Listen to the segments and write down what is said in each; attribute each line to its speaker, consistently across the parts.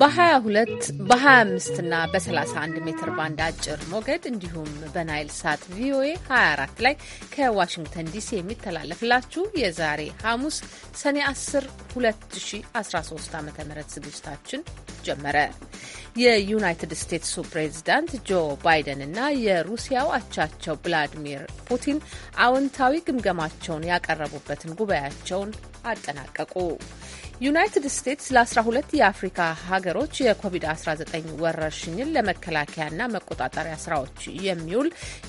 Speaker 1: በ22 በ25 እና በ31 ሜትር ባንድ አጭር ሞገድ እንዲሁም በናይል ሳት ቪኦኤ 24 ላይ ከዋሽንግተን ዲሲ የሚተላለፍላችሁ የዛሬ ሐሙስ ሰኔ 10 2013 ዓ ም ዝግጅታችን ጀመረ። የዩናይትድ ስቴትሱ ፕሬዝዳንት ጆ ባይደን እና የሩሲያው አቻቸው ቭላዲሚር ፑቲን አዎንታዊ ግምገማቸውን ያቀረቡበትን ጉባኤያቸውን አጠናቀቁ። ዩናይትድ ስቴትስ ለ12 የአፍሪካ ሀገሮች የኮቪድ-19 ወረርሽኝን ለመከላከያና መቆጣጠሪያ ስራዎች የሚውል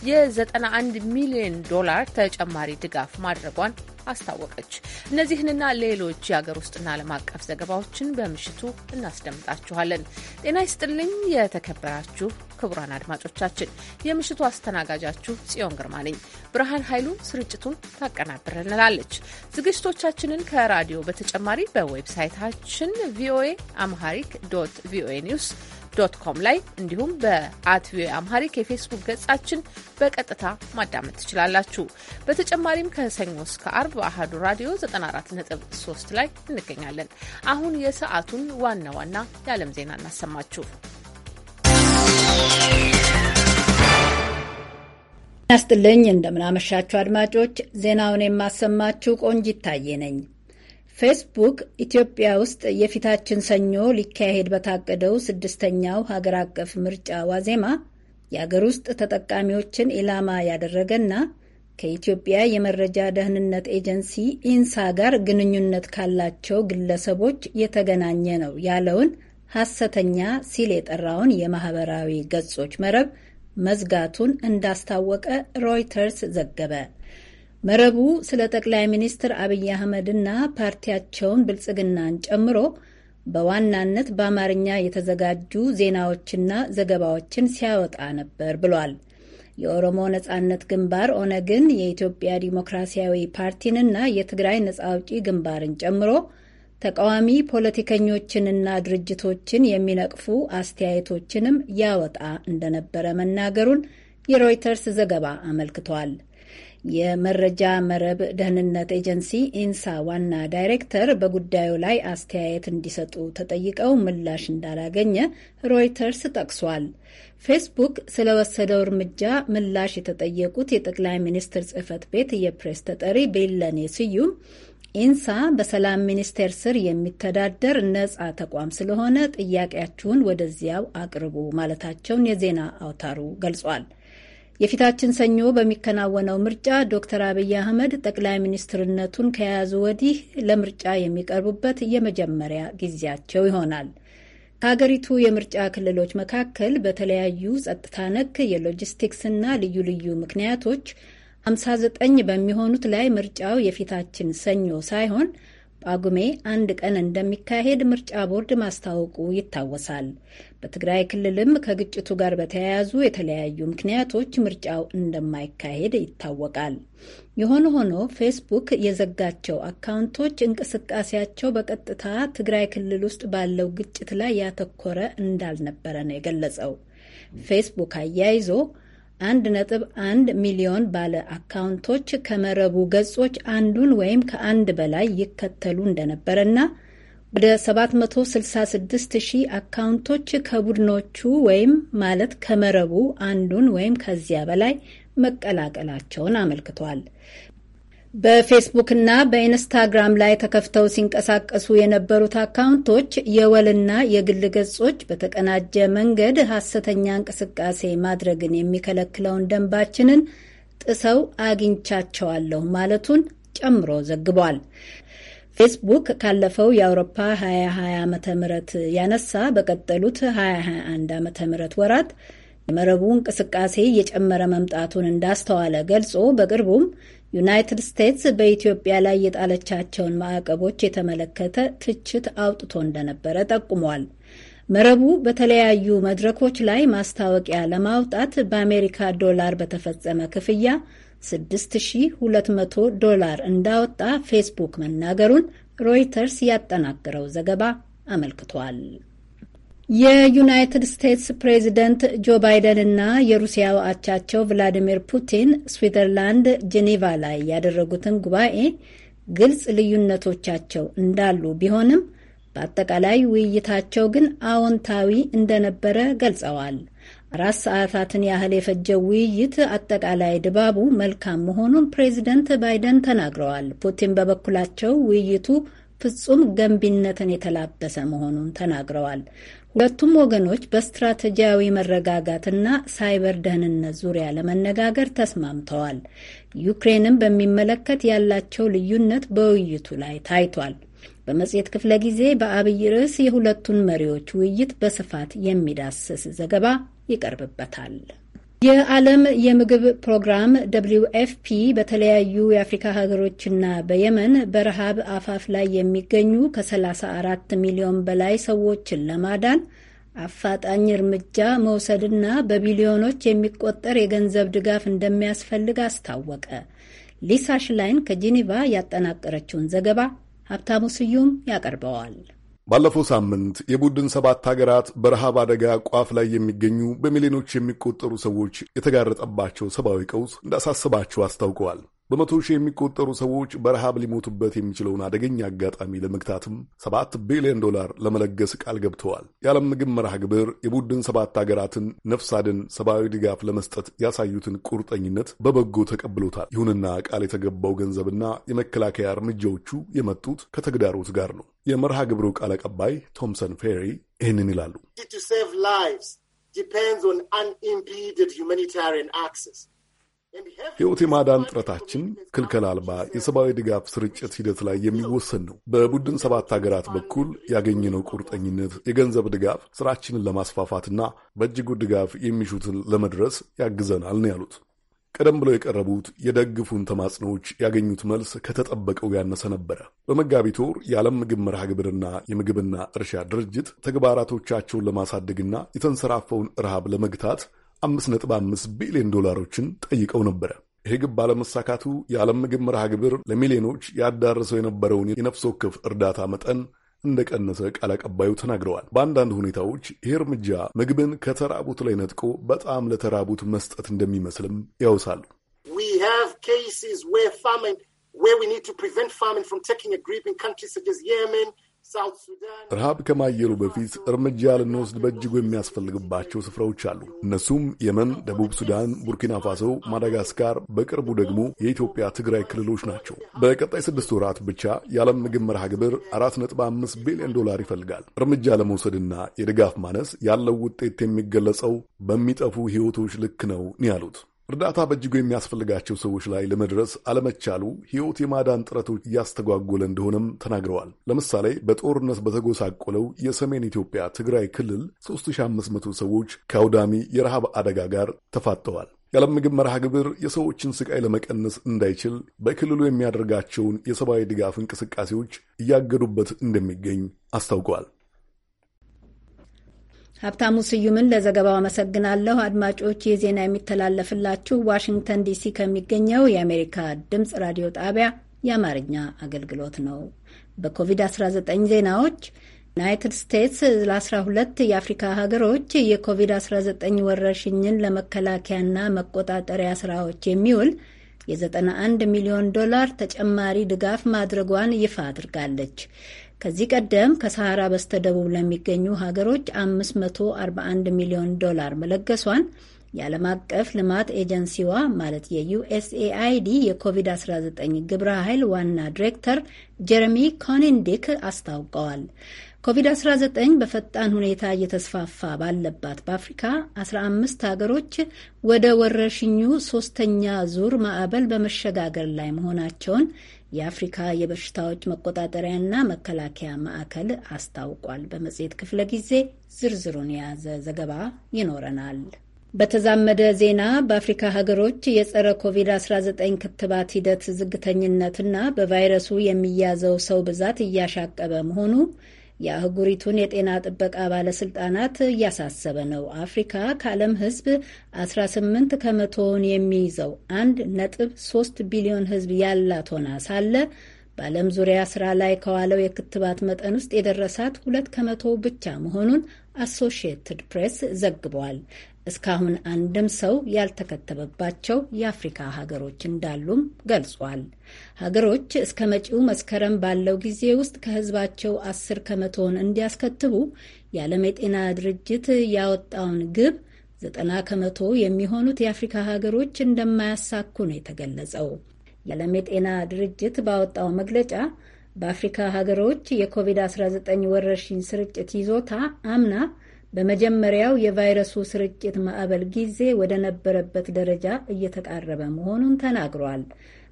Speaker 1: የ91 ሚሊዮን ዶላር ተጨማሪ ድጋፍ ማድረጓን አስታወቀች። እነዚህንና ሌሎች የሀገር ውስጥና ዓለም አቀፍ ዘገባዎችን በምሽቱ እናስደምጣችኋለን። ጤና ይስጥልኝ የተከበራችሁ ክቡራን አድማጮቻችን የምሽቱ አስተናጋጃችሁ ጽዮን ግርማ ነኝ። ብርሃን ኃይሉ ስርጭቱን ታቀናብርልናለች። ዝግጅቶቻችንን ከራዲዮ በተጨማሪ በዌብሳይታችን ቪኦኤ አምሃሪክ ዶት ቪኦኤ ኒውስ ዶት ኮም ላይ እንዲሁም በአት ቪኦኤ አምሃሪክ የፌስቡክ ገጻችን በቀጥታ ማዳመጥ ትችላላችሁ። በተጨማሪም ከሰኞ እስከ አርብ አህዱ ራዲዮ 94.3 ላይ እንገኛለን። አሁን የሰዓቱን ዋና ዋና የዓለም ዜና እናሰማችሁ።
Speaker 2: ያስጥልኝ እንደምናመሻችሁ አድማጮች፣ ዜናውን የማሰማችሁ ቆንጅ ይታየ ነኝ። ፌስቡክ ኢትዮጵያ ውስጥ የፊታችን ሰኞ ሊካሄድ በታቀደው ስድስተኛው ሀገር አቀፍ ምርጫ ዋዜማ የአገር ውስጥ ተጠቃሚዎችን ኢላማ ያደረገና ከኢትዮጵያ የመረጃ ደህንነት ኤጀንሲ ኢንሳ ጋር ግንኙነት ካላቸው ግለሰቦች የተገናኘ ነው ያለውን ሐሰተኛ ሲል የጠራውን የማህበራዊ ገጾች መረብ መዝጋቱን እንዳስታወቀ ሮይተርስ ዘገበ። መረቡ ስለ ጠቅላይ ሚኒስትር አብይ አህመድና ፓርቲያቸውን ብልጽግናን ጨምሮ በዋናነት በአማርኛ የተዘጋጁ ዜናዎችና ዘገባዎችን ሲያወጣ ነበር ብሏል። የኦሮሞ ነጻነት ግንባር ኦነግን፣ የኢትዮጵያ ዲሞክራሲያዊ ፓርቲንና የትግራይ ነጻ አውጪ ግንባርን ጨምሮ ተቃዋሚ ፖለቲከኞችንና ድርጅቶችን የሚነቅፉ አስተያየቶችንም ያወጣ እንደነበረ መናገሩን የሮይተርስ ዘገባ አመልክቷል። የመረጃ መረብ ደህንነት ኤጀንሲ ኢንሳ ዋና ዳይሬክተር በጉዳዩ ላይ አስተያየት እንዲሰጡ ተጠይቀው ምላሽ እንዳላገኘ ሮይተርስ ጠቅሷል። ፌስቡክ ስለወሰደው እርምጃ ምላሽ የተጠየቁት የጠቅላይ ሚኒስትር ጽህፈት ቤት የፕሬስ ተጠሪ ቤለኔ ስዩም ኢንሳ በሰላም ሚኒስቴር ስር የሚተዳደር ነጻ ተቋም ስለሆነ ጥያቄያችሁን ወደዚያው አቅርቡ ማለታቸውን የዜና አውታሩ ገልጿል። የፊታችን ሰኞ በሚከናወነው ምርጫ ዶክተር አብይ አህመድ ጠቅላይ ሚኒስትርነቱን ከያዙ ወዲህ ለምርጫ የሚቀርቡበት የመጀመሪያ ጊዜያቸው ይሆናል። ከሀገሪቱ የምርጫ ክልሎች መካከል በተለያዩ ጸጥታ ነክ የሎጂስቲክስና ልዩ ልዩ ምክንያቶች 59 በሚሆኑት ላይ ምርጫው የፊታችን ሰኞ ሳይሆን ጳጉሜ አንድ ቀን እንደሚካሄድ ምርጫ ቦርድ ማስታወቁ ይታወሳል። በትግራይ ክልልም ከግጭቱ ጋር በተያያዙ የተለያዩ ምክንያቶች ምርጫው እንደማይካሄድ ይታወቃል። የሆነ ሆኖ ፌስቡክ የዘጋቸው አካውንቶች እንቅስቃሴያቸው በቀጥታ ትግራይ ክልል ውስጥ ባለው ግጭት ላይ ያተኮረ እንዳልነበረ ነው የገለጸው። ፌስቡክ አያይዞ አንድ ነጥብ አንድ ሚሊዮን ባለ አካውንቶች ከመረቡ ገጾች አንዱን ወይም ከአንድ በላይ ይከተሉ እንደነበረና ወደ 766 ሺህ አካውንቶች ከቡድኖቹ ወይም ማለት ከመረቡ አንዱን ወይም ከዚያ በላይ መቀላቀላቸውን አመልክቷል። በፌስቡክና በኢንስታግራም ላይ ተከፍተው ሲንቀሳቀሱ የነበሩት አካውንቶች የወልና የግል ገጾች በተቀናጀ መንገድ ሐሰተኛ እንቅስቃሴ ማድረግን የሚከለክለውን ደንባችንን ጥሰው አግኝቻቸዋለሁ ማለቱን ጨምሮ ዘግቧል። ፌስቡክ ካለፈው የአውሮፓ 2020 ዓ.ም ያነሳ በቀጠሉት 2021 ዓ.ም ወራት የመረቡ እንቅስቃሴ እየጨመረ መምጣቱን እንዳስተዋለ ገልጾ በቅርቡም ዩናይትድ ስቴትስ በኢትዮጵያ ላይ የጣለቻቸውን ማዕቀቦች የተመለከተ ትችት አውጥቶ እንደነበረ ጠቁሟል። መረቡ በተለያዩ መድረኮች ላይ ማስታወቂያ ለማውጣት በአሜሪካ ዶላር በተፈጸመ ክፍያ 6200 ዶላር እንዳወጣ ፌስቡክ መናገሩን ሮይተርስ ያጠናቀረው ዘገባ አመልክቷል። የዩናይትድ ስቴትስ ፕሬዚደንት ጆ ባይደን እና የሩሲያ አቻቸው ቭላዲሚር ፑቲን ስዊዘርላንድ ጄኔቫ ላይ ያደረጉትን ጉባኤ ግልጽ ልዩነቶቻቸው እንዳሉ ቢሆንም በአጠቃላይ ውይይታቸው ግን አዎንታዊ እንደነበረ ገልጸዋል። አራት ሰዓታትን ያህል የፈጀው ውይይት አጠቃላይ ድባቡ መልካም መሆኑን ፕሬዚደንት ባይደን ተናግረዋል። ፑቲን በበኩላቸው ውይይቱ ፍጹም ገንቢነትን የተላበሰ መሆኑን ተናግረዋል። ሁለቱም ወገኖች በስትራቴጂያዊ መረጋጋትና ሳይበር ደህንነት ዙሪያ ለመነጋገር ተስማምተዋል። ዩክሬንን በሚመለከት ያላቸው ልዩነት በውይይቱ ላይ ታይቷል። በመጽሔት ክፍለ ጊዜ በአብይ ርዕስ የሁለቱን መሪዎች ውይይት በስፋት የሚዳስስ ዘገባ ይቀርብበታል። የዓለም የምግብ ፕሮግራም ደብሊው ፒ በተለያዩ የአፍሪካ ሀገሮችና በየመን በረሃብ አፋፍ ላይ የሚገኙ ከ34 ሚሊዮን በላይ ሰዎችን ለማዳን አፋጣኝ እርምጃ መውሰድና በቢሊዮኖች የሚቆጠር የገንዘብ ድጋፍ እንደሚያስፈልግ አስታወቀ። ሊሳ ሽላይን ከጄኔቫ ያጠናቀረችውን ዘገባ ሀብታሙ ስዩም ያቀርበዋል።
Speaker 3: ባለፈው ሳምንት የቡድን ሰባት ሀገራት በረሃብ አደጋ ቋፍ ላይ የሚገኙ በሚሊዮኖች የሚቆጠሩ ሰዎች የተጋረጠባቸው ሰብአዊ ቀውስ እንዳሳስባቸው አስታውቀዋል። በመቶ ሺህ የሚቆጠሩ ሰዎች በረሃብ ሊሞቱበት የሚችለውን አደገኛ አጋጣሚ ለመግታትም ሰባት ቢሊዮን ዶላር ለመለገስ ቃል ገብተዋል። የዓለም ምግብ መርሃ ግብር የቡድን ሰባት አገራትን ነፍስ አድን ሰብአዊ ድጋፍ ለመስጠት ያሳዩትን ቁርጠኝነት በበጎ ተቀብሎታል። ይሁንና ቃል የተገባው ገንዘብና የመከላከያ እርምጃዎቹ የመጡት ከተግዳሮት ጋር ነው። የመርሃ ግብሩ ቃል አቀባይ ቶምሰን ፌሪ ይህንን ይላሉ። ሕይወት የማዳን ጥረታችን ክልከላ አልባ የሰብአዊ ድጋፍ ስርጭት ሂደት ላይ የሚወሰን ነው። በቡድን ሰባት ሀገራት በኩል ያገኘነው ቁርጠኝነት፣ የገንዘብ ድጋፍ ስራችንን ለማስፋፋትና በእጅጉ ድጋፍ የሚሹትን ለመድረስ ያግዘናል ነው ያሉት። ቀደም ብለው የቀረቡት የደግፉን ተማጽኖዎች ያገኙት መልስ ከተጠበቀው ያነሰ ነበረ። በመጋቢት ወር የዓለም ምግብ መርሃ ግብርና የምግብና እርሻ ድርጅት ተግባራቶቻቸውን ለማሳደግና የተንሰራፈውን ረሃብ ለመግታት 5.5 ቢሊዮን ዶላሮችን ጠይቀው ነበረ። ይሄ ግብ ባለመሳካቱ የዓለም ምግብ መርሃ ግብር ለሚሊዮኖች ያዳረሰው የነበረውን የነፍስ ወከፍ እርዳታ መጠን እንደቀነሰ ቃል አቀባዩ ተናግረዋል። በአንዳንድ ሁኔታዎች ይህ እርምጃ ምግብን ከተራቡት ላይ ነጥቆ በጣም ለተራቡት መስጠት እንደሚመስልም ያውሳሉ። ረሃብ ከማየሉ በፊት እርምጃ ልንወስድ በእጅጉ የሚያስፈልግባቸው ስፍራዎች አሉ። እነሱም የመን፣ ደቡብ ሱዳን፣ ቡርኪና ፋሶ፣ ማዳጋስካር፣ በቅርቡ ደግሞ የኢትዮጵያ ትግራይ ክልሎች ናቸው። በቀጣይ ስድስት ወራት ብቻ የዓለም ምግብ መርሃ ግብር 4.5 ቢሊዮን ዶላር ይፈልጋል። እርምጃ ለመውሰድና የድጋፍ ማነስ ያለው ውጤት የሚገለጸው በሚጠፉ ሕይወቶች ልክ ነው ያሉት እርዳታ በእጅጉ የሚያስፈልጋቸው ሰዎች ላይ ለመድረስ አለመቻሉ ሕይወት የማዳን ጥረቶች እያስተጓጎለ እንደሆነም ተናግረዋል። ለምሳሌ በጦርነት በተጎሳቆለው የሰሜን ኢትዮጵያ ትግራይ ክልል 3500 ሰዎች ከአውዳሚ የረሃብ አደጋ ጋር ተፋጠዋል። የዓለም ምግብ መርሃ ግብር የሰዎችን ስቃይ ለመቀነስ እንዳይችል በክልሉ የሚያደርጋቸውን የሰብአዊ ድጋፍ እንቅስቃሴዎች እያገዱበት እንደሚገኝ አስታውቀዋል።
Speaker 2: ሀብታሙ ስዩምን ለዘገባው አመሰግናለሁ። አድማጮች ይህ ዜና የሚተላለፍላችሁ ዋሽንግተን ዲሲ ከሚገኘው የአሜሪካ ድምፅ ራዲዮ ጣቢያ የአማርኛ አገልግሎት ነው። በኮቪድ-19 ዜናዎች ዩናይትድ ስቴትስ ለ12 የአፍሪካ ሀገሮች የኮቪድ-19 ወረርሽኝን ለመከላከያና መቆጣጠሪያ ስራዎች የሚውል የ91 ሚሊዮን ዶላር ተጨማሪ ድጋፍ ማድረጓን ይፋ አድርጋለች። ከዚህ ቀደም ከሰሃራ በስተደቡብ ለሚገኙ ሀገሮች 541 ሚሊዮን ዶላር መለገሷን የዓለም አቀፍ ልማት ኤጀንሲዋ ማለት የዩኤስኤአይዲ የኮቪድ-19 ግብረ ኃይል ዋና ዲሬክተር ጀረሚ ኮኒንዲክ አስታውቀዋል። ኮቪድ-19 በፈጣን ሁኔታ እየተስፋፋ ባለባት በአፍሪካ 15 ሀገሮች ወደ ወረሽኙ ሶስተኛ ዙር ማዕበል በመሸጋገር ላይ መሆናቸውን የአፍሪካ የበሽታዎች መቆጣጠሪያና መከላከያ ማዕከል አስታውቋል። በመጽሔት ክፍለ ጊዜ ዝርዝሩን የያዘ ዘገባ ይኖረናል። በተዛመደ ዜና በአፍሪካ ሀገሮች የጸረ ኮቪድ-19 ክትባት ሂደት ዝግተኝነትና በቫይረሱ የሚያዘው ሰው ብዛት እያሻቀበ መሆኑ የአህጉሪቱን የጤና ጥበቃ ባለስልጣናት እያሳሰበ ነው። አፍሪካ ከዓለም ሕዝብ 18 ከመቶውን የሚይዘው አንድ ነጥብ 3 ቢሊዮን ሕዝብ ያላት ሆና ሳለ በዓለም ዙሪያ ስራ ላይ ከዋለው የክትባት መጠን ውስጥ የደረሳት ሁለት ከመቶ ብቻ መሆኑን አሶሺየትድ ፕሬስ ዘግቧል። እስካሁን አንድም ሰው ያልተከተበባቸው የአፍሪካ ሀገሮች እንዳሉም ገልጿል። ሀገሮች እስከ መጪው መስከረም ባለው ጊዜ ውስጥ ከህዝባቸው አስር ከመቶውን እንዲያስከትቡ የዓለም የጤና ድርጅት ያወጣውን ግብ ዘጠና ከመቶ የሚሆኑት የአፍሪካ ሀገሮች እንደማያሳኩ ነው የተገለጸው። የዓለም የጤና ድርጅት ባወጣው መግለጫ በአፍሪካ ሀገሮች የኮቪድ-19 ወረርሽኝ ስርጭት ይዞታ አምና በመጀመሪያው የቫይረሱ ስርጭት ማዕበል ጊዜ ወደ ነበረበት ደረጃ እየተቃረበ መሆኑን ተናግሯል።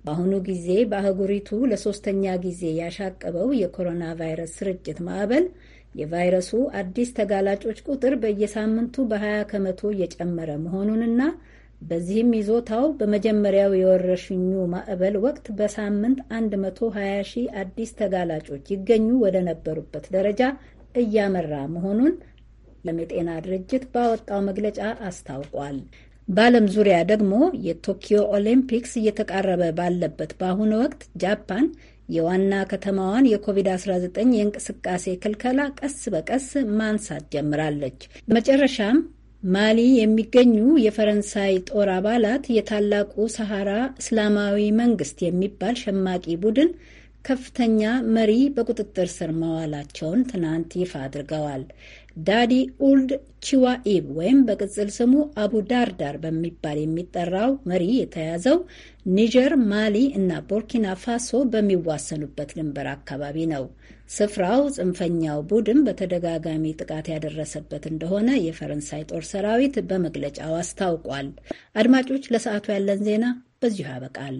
Speaker 2: በአሁኑ ጊዜ በአህጉሪቱ ለሶስተኛ ጊዜ ያሻቀበው የኮሮና ቫይረስ ስርጭት ማዕበል የቫይረሱ አዲስ ተጋላጮች ቁጥር በየሳምንቱ በ20 ከመቶ እየጨመረ መሆኑንና በዚህም ይዞታው በመጀመሪያው የወረሽኙ ማዕበል ወቅት በሳምንት 120 ሺህ አዲስ ተጋላጮች ይገኙ ወደ ነበሩበት ደረጃ እያመራ መሆኑን የዓለም የጤና ድርጅት ባወጣው መግለጫ አስታውቋል። በዓለም ዙሪያ ደግሞ የቶኪዮ ኦሊምፒክስ እየተቃረበ ባለበት በአሁኑ ወቅት ጃፓን የዋና ከተማዋን የኮቪድ-19 የእንቅስቃሴ ክልከላ ቀስ በቀስ ማንሳት ጀምራለች። በመጨረሻም ማሊ የሚገኙ የፈረንሳይ ጦር አባላት የታላቁ ሰሐራ እስላማዊ መንግስት የሚባል ሸማቂ ቡድን ከፍተኛ መሪ በቁጥጥር ስር መዋላቸውን ትናንት ይፋ አድርገዋል። ዳዲ ኡልድ ቺዋኢብ ወይም በቅጽል ስሙ አቡ ዳርዳር በሚባል የሚጠራው መሪ የተያዘው ኒጀር፣ ማሊ እና ቦርኪና ፋሶ በሚዋሰኑበት ድንበር አካባቢ ነው። ስፍራው ጽንፈኛው ቡድን በተደጋጋሚ ጥቃት ያደረሰበት እንደሆነ የፈረንሳይ ጦር ሰራዊት በመግለጫው አስታውቋል። አድማጮች፣ ለሰዓቱ ያለን ዜና በዚሁ ያበቃል።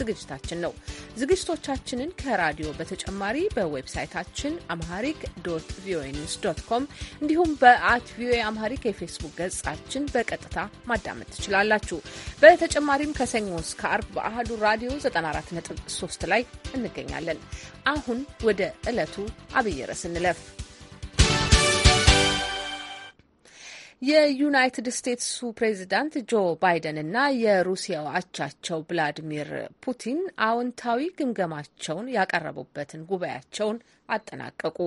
Speaker 1: ዝግጅታችን ነው። ዝግጅቶቻችንን ከራዲዮ በተጨማሪ በዌብሳይታችን አምሃሪክ ዶት ቪኦኤ ኒውስ ዶት ኮም እንዲሁም በአት ቪኦኤ አምሃሪክ የፌስቡክ ገጻችን በቀጥታ ማዳመጥ ትችላላችሁ። በተጨማሪም ከሰኞ እስከ አርብ በአህዱ ራዲዮ 94.3 ላይ እንገኛለን። አሁን ወደ ዕለቱ አብይ ርዕስ እንለፍ። የዩናይትድ ስቴትሱ ፕሬዚዳንት ጆ ባይደን እና የሩሲያው አቻቸው ቭላዲሚር ፑቲን አዎንታዊ ግምገማቸውን ያቀረቡበትን ጉባኤያቸውን አጠናቀቁ።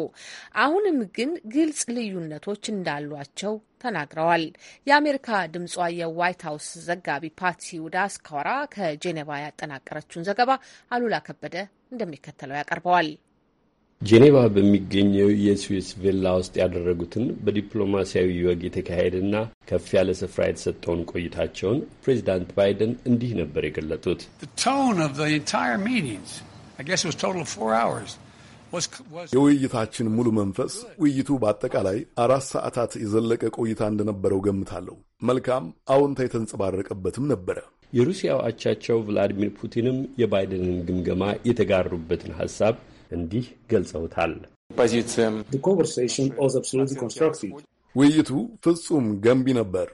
Speaker 1: አሁንም ግን ግልጽ ልዩነቶች እንዳሏቸው ተናግረዋል። የአሜሪካ ድምጿ የዋይት ሀውስ ዘጋቢ ፓቲ ውዳስካራ ከጄኔቫ ያጠናቀረችውን ዘገባ አሉላ ከበደ እንደሚከተለው ያቀርበዋል።
Speaker 4: ጄኔቫ በሚገኘው የስዊስ ቪላ ውስጥ ያደረጉትን በዲፕሎማሲያዊ ወግ የተካሄደና ከፍ ያለ ስፍራ የተሰጠውን ቆይታቸውን ፕሬዚዳንት ባይደን እንዲህ ነበር
Speaker 3: የገለጡት። የውይይታችን ሙሉ መንፈስ ውይይቱ በአጠቃላይ አራት ሰዓታት የዘለቀ ቆይታ እንደነበረው ገምታለሁ። መልካም አዎንታ የተንጸባረቀበትም ነበረ። የሩሲያው
Speaker 4: አቻቸው ቭላዲሚር ፑቲንም የባይደንን ግምገማ የተጋሩበትን ሐሳብ እንዲህ ገልጸውታል። ውይይቱ ፍጹም ገንቢ ነበር።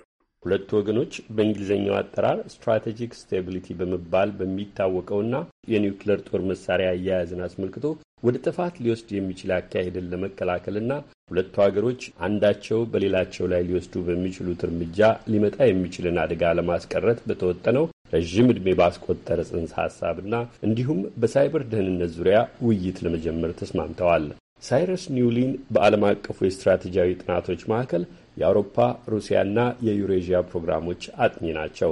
Speaker 4: ሁለቱ ወገኖች በእንግሊዝኛው አጠራር ስትራቴጂክ ስቴቢሊቲ በመባል በሚታወቀውና የኒውክሌር ጦር መሳሪያ አያያዝን አስመልክቶ ወደ ጥፋት ሊወስድ የሚችል አካሄድን ለመከላከልና ሁለቱ ሀገሮች አንዳቸው በሌላቸው ላይ ሊወስዱ በሚችሉት እርምጃ ሊመጣ የሚችልን አደጋ ለማስቀረት በተወጠነው ረዥም ዕድሜ ባስቆጠረ ጽንሰ ሐሳብና እንዲሁም በሳይበር ደህንነት ዙሪያ ውይይት ለመጀመር ተስማምተዋል። ሳይረስ ኒውሊን በዓለም አቀፉ የስትራቴጂያዊ ጥናቶች ማዕከል የአውሮፓ ሩሲያና የዩሬዥያ ፕሮግራሞች አጥኚ ናቸው።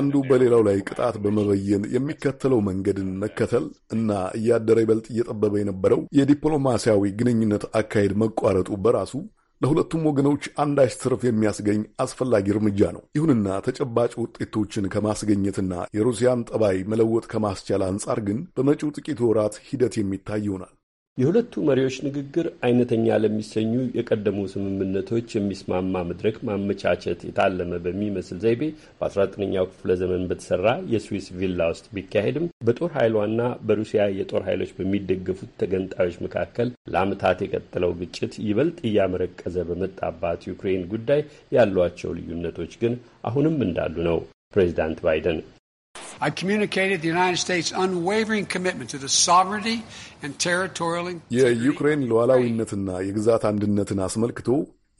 Speaker 3: አንዱ በሌላው ላይ ቅጣት በመበየን የሚከተለው መንገድን መከተል እና እያደረ ይበልጥ እየጠበበ የነበረው የዲፕሎማሲያዊ ግንኙነት አካሄድ መቋረጡ በራሱ ለሁለቱም ወገኖች አንዳች ትርፍ የሚያስገኝ አስፈላጊ እርምጃ ነው። ይሁንና ተጨባጭ ውጤቶችን ከማስገኘትና የሩሲያን ጠባይ መለወጥ ከማስቻል አንጻር ግን በመጪው ጥቂት ወራት ሂደት የሚታይ ይሆናል። የሁለቱ መሪዎች ንግግር
Speaker 4: አይነተኛ ለሚሰኙ የቀደሙ ስምምነቶች የሚስማማ መድረክ ማመቻቸት የታለመ በሚመስል ዘይቤ በ19ኛው ክፍለ ዘመን በተሰራ የስዊስ ቪላ ውስጥ ቢካሄድም በጦር ኃይሏና በሩሲያ የጦር ኃይሎች በሚደገፉት ተገንጣዮች መካከል ለአመታት የቀጠለው ግጭት ይበልጥ እያመረቀዘ በመጣባት ዩክሬን ጉዳይ ያሏቸው ልዩነቶች ግን አሁንም እንዳሉ ነው ፕሬዚዳንት ባይደን
Speaker 3: የዩክሬን ሉዓላዊነትና የግዛት አንድነትን አስመልክቶ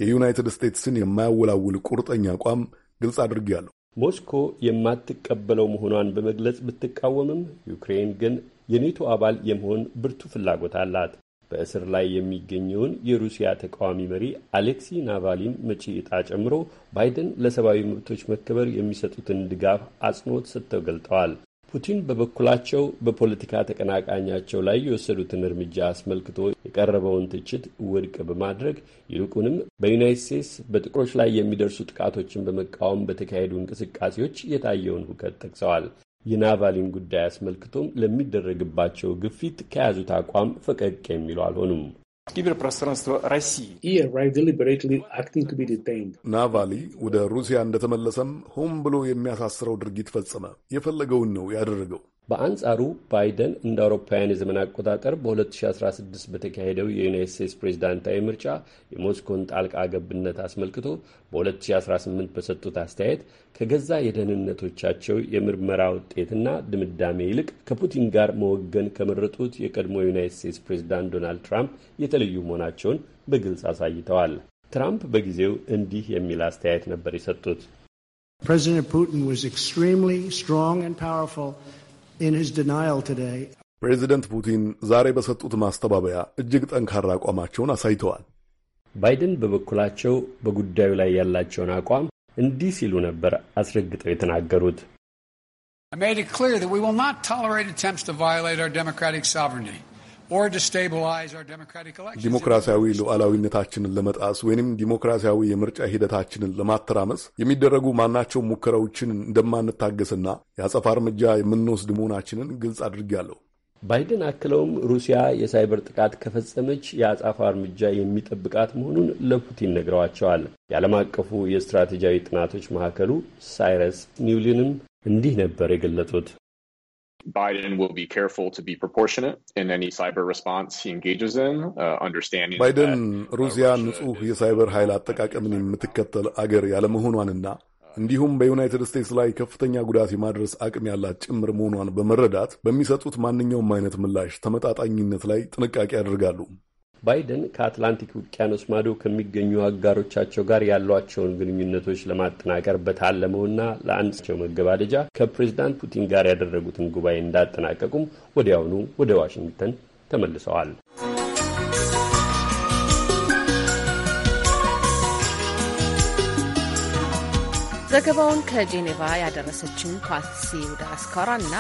Speaker 3: የዩናይትድ ስቴትስን የማያወላውል ቁርጠኛ አቋም ግልጽ አድርጌያለሁ። ሞስኮ የማትቀበለው መሆኗን በመግለጽ ብትቃወምም
Speaker 4: ዩክሬን ግን የኔቶ አባል የመሆን ብርቱ ፍላጎት አላት። በእስር ላይ የሚገኘውን የሩሲያ ተቃዋሚ መሪ አሌክሲ ናቫሊን መጪ ጨምሮ ባይደን ለሰብአዊ መብቶች መከበር የሚሰጡትን ድጋፍ አጽንኦት ሰጥተው ገልጠዋል። ፑቲን በበኩላቸው በፖለቲካ ተቀናቃኛቸው ላይ የወሰዱትን እርምጃ አስመልክቶ የቀረበውን ትችት ውድቅ በማድረግ ይልቁንም በዩናይት ስቴትስ በጥቁሮች ላይ የሚደርሱ ጥቃቶችን በመቃወም በተካሄዱ እንቅስቃሴዎች የታየውን ሁከት ጠቅሰዋል። የናቫሊን ጉዳይ አስመልክቶም ለሚደረግባቸው ግፊት ከያዙት አቋም ፈቀቅ የሚሉ አልሆኑም።
Speaker 3: ናቫሊ ወደ ሩሲያ እንደተመለሰም ሆን ብሎ የሚያሳስረው ድርጊት ፈጸመ። የፈለገውን ነው ያደረገው።
Speaker 4: በአንጻሩ ባይደን እንደ አውሮፓውያን የዘመን አቆጣጠር በ2016 በተካሄደው የዩናይት ስቴትስ ፕሬዚዳንታዊ ምርጫ የሞስኮን ጣልቃ ገብነት አስመልክቶ በ2018 በሰጡት አስተያየት ከገዛ የደህንነቶቻቸው የምርመራ ውጤትና ድምዳሜ ይልቅ ከፑቲን ጋር መወገን ከመረጡት የቀድሞ ዩናይት ስቴትስ ፕሬዚዳንት ዶናልድ ትራምፕ የተለዩ መሆናቸውን በግልጽ አሳይተዋል። ትራምፕ በጊዜው እንዲህ የሚል አስተያየት ነበር የሰጡት
Speaker 5: ፕሬዚደንት ፑቲን
Speaker 3: ፕሬዚደንት ፑቲን ዛሬ በሰጡት ማስተባበያ እጅግ ጠንካራ አቋማቸውን አሳይተዋል። ባይደን በበኩላቸው በጉዳዩ ላይ ያላቸውን አቋም
Speaker 4: እንዲህ ሲሉ ነበር አስረግጠው የተናገሩት
Speaker 5: I made it clear that we will not
Speaker 6: tolerate attempts to violate our democratic sovereignty.
Speaker 3: ዲሞክራሲያዊ ሉዓላዊነታችንን ለመጣስ ወይም ዲሞክራሲያዊ የምርጫ ሂደታችንን ለማተራመስ የሚደረጉ ማናቸው ሙከራዎችን እንደማንታገስና የአጸፋ እርምጃ የምንወስድ መሆናችንን ግልጽ አድርጌያለሁ። ባይደን
Speaker 4: አክለውም ሩሲያ የሳይበር ጥቃት ከፈጸመች የአጻፋ እርምጃ የሚጠብቃት መሆኑን ለፑቲን ነግረዋቸዋል። የዓለም አቀፉ የስትራቴጂያዊ ጥናቶች ማዕከሉ ሳይረስ ኒውሊንም እንዲህ ነበር የገለጹት።
Speaker 7: Biden will be careful to be proportionate in any cyber response he engages in, uh, understanding
Speaker 3: ባይደን ሩሲያ uh, ንጹህ የሳይበር ኃይል አጠቃቀምን የምትከተል አገር ያለመሆኗንና uh, እንዲሁም በዩናይትድ ስቴትስ ላይ ከፍተኛ ጉዳት የማድረስ አቅም ያላት ጭምር መሆኗን በመረዳት በሚሰጡት ማንኛውም አይነት ምላሽ ተመጣጣኝነት ላይ ጥንቃቄ ያደርጋሉ። ባይደን
Speaker 4: ከአትላንቲክ ውቅያኖስ ማዶ ከሚገኙ አጋሮቻቸው ጋር ያሏቸውን ግንኙነቶች ለማጠናቀር በታለመውና ለአንድቸው መገባደጃ ከፕሬዚዳንት ፑቲን ጋር ያደረጉትን ጉባኤ እንዳጠናቀቁም ወዲያውኑ ወደ ዋሽንግተን ተመልሰዋል።
Speaker 1: ዘገባውን ከጄኔቫ ያደረሰችን ፓትሲ ወደ አስካራ እና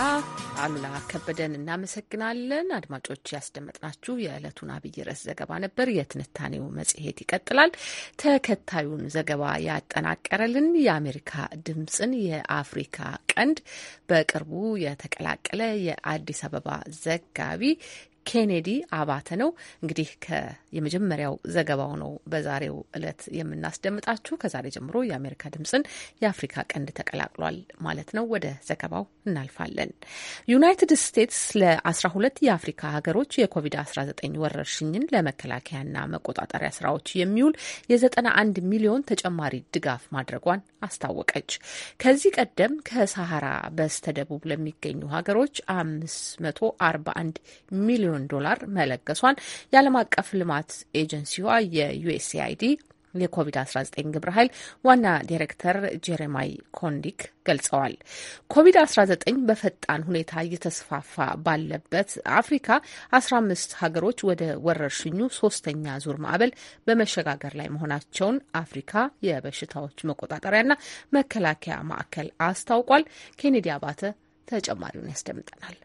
Speaker 1: አሉላ ከበደን እናመሰግናለን። አድማጮች ያስደመጥናችሁ የዕለቱን አብይ ርዕስ ዘገባ ነበር። የትንታኔው መጽሔት ይቀጥላል። ተከታዩን ዘገባ ያጠናቀረልን የአሜሪካ ድምፅን የአፍሪካ ቀንድ በቅርቡ የተቀላቀለ የአዲስ አበባ ዘጋቢ ኬኔዲ አባተ ነው። እንግዲህ የመጀመሪያው ዘገባው ነው በዛሬው እለት የምናስደምጣችሁ። ከዛሬ ጀምሮ የአሜሪካ ድምፅን የአፍሪካ ቀንድ ተቀላቅሏል ማለት ነው። ወደ ዘገባው እናልፋለን። ዩናይትድ ስቴትስ ለ12 የአፍሪካ ሀገሮች የኮቪድ-19 ወረርሽኝን ለመከላከያና መቆጣጠሪያ ስራዎች የሚውል የ91 ሚሊዮን ተጨማሪ ድጋፍ ማድረጓን አስታወቀች። ከዚህ ቀደም ከሰሃራ በስተደቡብ ለሚገኙ ሀገሮች 541 ሚሊዮን ሚሊዮን ዶላር መለገሷን የዓለም አቀፍ ልማት ኤጀንሲዋ የዩኤስኤአይዲ የኮቪድ-19 ግብረ ኃይል ዋና ዲሬክተር ጄሬማይ ኮንዲክ ገልጸዋል። ኮቪድ-19 በፈጣን ሁኔታ እየተስፋፋ ባለበት አፍሪካ 15 ሀገሮች ወደ ወረርሽኙ ሶስተኛ ዙር ማዕበል በመሸጋገር ላይ መሆናቸውን አፍሪካ የበሽታዎች መቆጣጠሪያና መከላከያ ማዕከል አስታውቋል። ኬኔዲ አባተ ተጨማሪውን ያስደምጠናል።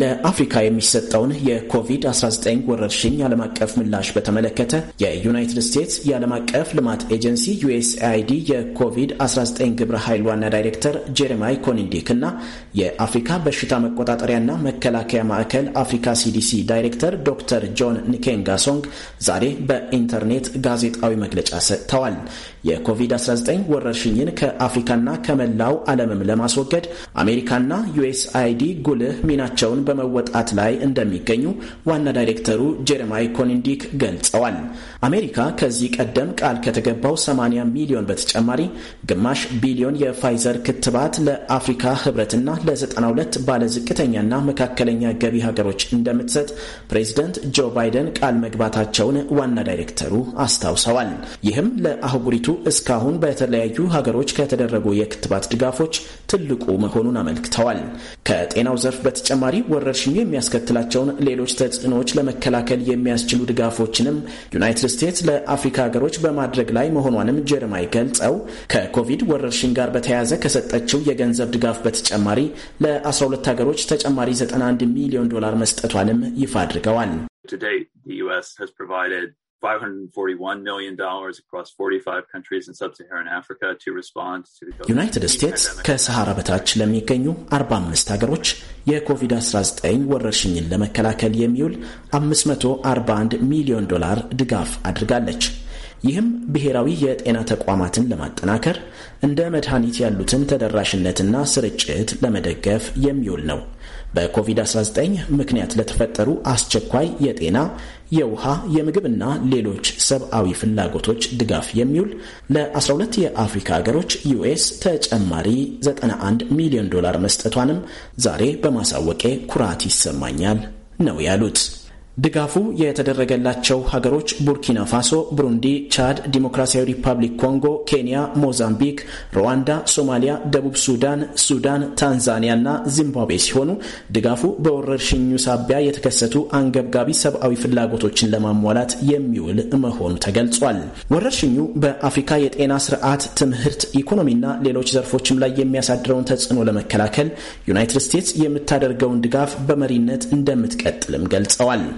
Speaker 8: ለአፍሪካ የሚሰጠውን የኮቪድ-19 ወረርሽኝ ዓለም አቀፍ ምላሽ በተመለከተ የዩናይትድ ስቴትስ የዓለም አቀፍ ልማት ኤጀንሲ ዩኤስአይዲ የኮቪድ-19 ግብረ ኃይል ዋና ዳይሬክተር ጄሬማይ ኮኒንዲክ እና የአፍሪካ በሽታ መቆጣጠሪያና መከላከያ ማዕከል አፍሪካ ሲዲሲ ዳይሬክተር ዶክተር ጆን ኒኬንጋሶንግ ዛሬ በኢንተርኔት ጋዜጣዊ መግለጫ ሰጥተዋል። የኮቪድ-19 ወረርሽኝን ከአፍሪካና ከመላው ዓለምም ለማስወገድ አሜሪካና ዩኤስአይዲ ጉልህ ሚናቸውን በመወጣት ላይ እንደሚገኙ ዋና ዳይሬክተሩ ጄሬማይ ኮኒንዲክ ገልጸዋል። አሜሪካ ከዚህ ቀደም ቃል ከተገባው 80 ሚሊዮን በተጨማሪ ግማሽ ቢሊዮን የፋይዘር ክትባት ለአፍሪካ ህብረትና ለ92 ባለዝቅተኛና መካከለኛ ገቢ ሀገሮች እንደምትሰጥ ፕሬዚደንት ጆ ባይደን ቃል መግባታቸውን ዋና ዳይሬክተሩ አስታውሰዋል። ይህም ለአህጉሪቱ እስካሁን በተለያዩ ሀገሮች ከተደረጉ የክትባት ድጋፎች ትልቁ መሆኑን አመልክተዋል። ከጤናው ዘርፍ በተጨማሪ ወረርሽኙ የሚያስከትላቸውን ሌሎች ተጽዕኖዎች ለመከላከል የሚያስችሉ ድጋፎችንም ዩናይትድ ስቴትስ ለአፍሪካ ሀገሮች በማድረግ ላይ መሆኗንም ጀርማይ ገልጸው ከኮቪድ ወረርሽኝ ጋር በተያያዘ ከሰጠችው የገንዘብ ድጋፍ በተጨማሪ ለ12 ሀገሮች ተጨማሪ 91 ሚሊዮን ዶላር መስጠቷንም ይፋ አድርገዋል።
Speaker 4: To date, the U.S. has provided United States
Speaker 8: ከሰሃራ በታች ለሚገኙ 45 ሀገሮች የኮቪድ-19 ወረርሽኝን ለመከላከል የሚውል 541 ሚሊዮን ዶላር ድጋፍ አድርጋለች። ይህም ብሔራዊ የጤና ተቋማትን ለማጠናከር እንደ መድኃኒት ያሉትን ተደራሽነትና ስርጭት ለመደገፍ የሚውል ነው። በኮቪድ-19 ምክንያት ለተፈጠሩ አስቸኳይ የጤና የውሃ የምግብና ሌሎች ሰብአዊ ፍላጎቶች ድጋፍ የሚውል ለ12 የአፍሪካ ሀገሮች ዩኤስ ተጨማሪ 91 ሚሊዮን ዶላር መስጠቷንም ዛሬ በማሳወቄ ኩራት ይሰማኛል ነው ያሉት። ድጋፉ የተደረገላቸው ሀገሮች ቡርኪና ፋሶ፣ ብሩንዲ፣ ቻድ፣ ዲሞክራሲያዊ ሪፐብሊክ ኮንጎ፣ ኬንያ፣ ሞዛምቢክ፣ ሩዋንዳ፣ ሶማሊያ፣ ደቡብ ሱዳን፣ ሱዳን፣ ታንዛኒያ እና ዚምባብዌ ሲሆኑ ድጋፉ በወረርሽኙ ሳቢያ የተከሰቱ አንገብጋቢ ሰብአዊ ፍላጎቶችን ለማሟላት የሚውል መሆኑ ተገልጿል። ወረርሽኙ በአፍሪካ የጤና ስርዓት፣ ትምህርት፣ ኢኮኖሚና ሌሎች ዘርፎችም ላይ የሚያሳድረውን ተጽዕኖ ለመከላከል ዩናይትድ ስቴትስ የምታደርገውን ድጋፍ በመሪነት እንደምትቀጥልም ገልጸዋል።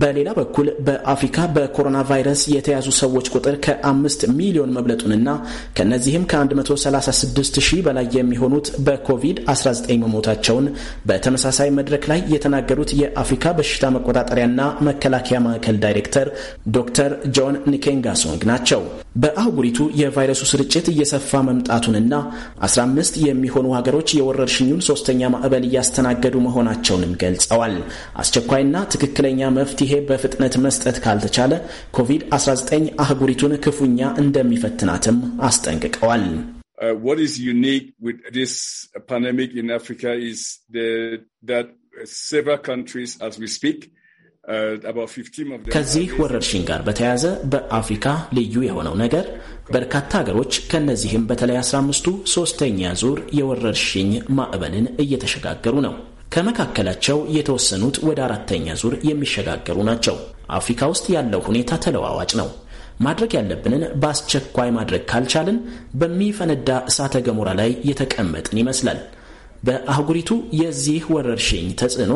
Speaker 8: በሌላ በኩል በአፍሪካ በኮሮና ቫይረስ የተያዙ ሰዎች ቁጥር ከአምስት ሚሊዮን መብለጡንና ከእነዚህም ከ136 ሺህ በላይ የሚሆኑት በኮቪድ-19 መሞታቸውን በተመሳሳይ መድረክ ላይ የተናገሩት የአፍሪካ በሽታ መቆጣጠሪያና መከላከያ ማዕከል ዳይሬክተር ዶክተር ጆን ሶንግ ናቸው። በአህጉሪቱ የቫይረሱ ስርጭት እየሰፋ መምጣቱንና 15 የሚሆኑ ሀገሮች የወረርሽኙን ሶስተኛ ማዕበል እያስተናገዱ መሆናቸውንም ገልጸዋል። አስቸኳይና ትክክለኛ መፍት መፍትሄ በፍጥነት መስጠት ካልተቻለ ኮቪድ-19 አህጉሪቱን ክፉኛ እንደሚፈትናትም አስጠንቅቀዋል።
Speaker 3: uh, uh, ከዚህ ወረርሽኝ
Speaker 8: ጋር በተያያዘ በአፍሪካ ልዩ የሆነው ነገር በርካታ ሀገሮች ከእነዚህም በተለይ 15ቱ ሶስተኛ ዙር የወረርሽኝ ማዕበልን እየተሸጋገሩ ነው። ከመካከላቸው የተወሰኑት ወደ አራተኛ ዙር የሚሸጋገሩ ናቸው። አፍሪካ ውስጥ ያለው ሁኔታ ተለዋዋጭ ነው። ማድረግ ያለብንን በአስቸኳይ ማድረግ ካልቻልን በሚፈነዳ እሳተ ገሞራ ላይ የተቀመጥን ይመስላል። በአህጉሪቱ የዚህ ወረርሽኝ ተጽዕኖ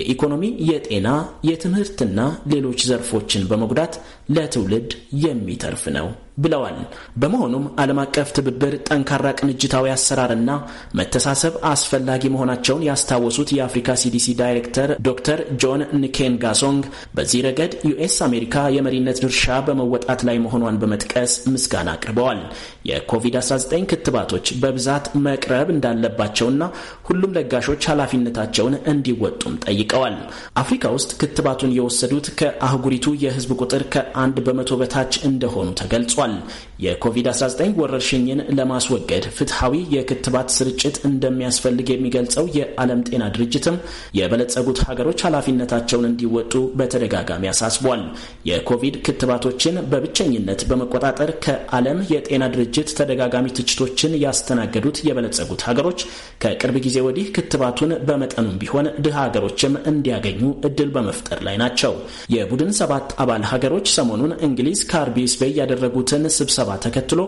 Speaker 8: የኢኮኖሚ፣ የጤና፣ የትምህርትና ሌሎች ዘርፎችን በመጉዳት ለትውልድ የሚተርፍ ነው ብለዋል። በመሆኑም ዓለም አቀፍ ትብብር፣ ጠንካራ ቅንጅታዊ አሰራርና መተሳሰብ አስፈላጊ መሆናቸውን ያስታወሱት የአፍሪካ ሲዲሲ ዳይሬክተር ዶክተር ጆን ንኬንጋሶንግ በዚህ ረገድ ዩኤስ አሜሪካ የመሪነት ድርሻ በመወጣት ላይ መሆኗን በመጥቀስ ምስጋና አቅርበዋል። የኮቪድ-19 ክትባቶች በብዛት መቅረብ እንዳለባቸውና ሁሉም ለጋሾች ኃላፊነታቸውን እንዲወጡም ጠይቀዋል። ጠይቀዋል። አፍሪካ ውስጥ ክትባቱን የወሰዱት ከአህጉሪቱ የህዝብ ቁጥር ከአንድ በመቶ በታች እንደሆኑ ተገልጿል። የኮቪድ-19 ወረርሽኝን ለማስወገድ ፍትሐዊ የክትባት ስርጭት እንደሚያስፈልግ የሚገልጸው የዓለም ጤና ድርጅትም የበለጸጉት ሀገሮች ኃላፊነታቸውን እንዲወጡ በተደጋጋሚ አሳስቧል። የኮቪድ ክትባቶችን በብቸኝነት በመቆጣጠር ከዓለም የጤና ድርጅት ተደጋጋሚ ትችቶችን ያስተናገዱት የበለጸጉት ሀገሮች ከቅርብ ጊዜ ወዲህ ክትባቱን በመጠኑም ቢሆን ድሃ ሀገሮችም እንዲያገኙ እድል በመፍጠር ላይ ናቸው። የቡድን ሰባት አባል ሀገሮች ሰሞኑን እንግሊዝ ካርቢስ ቤይ ያደረጉትን ስብሰባ ስብሰባ ተከትሎ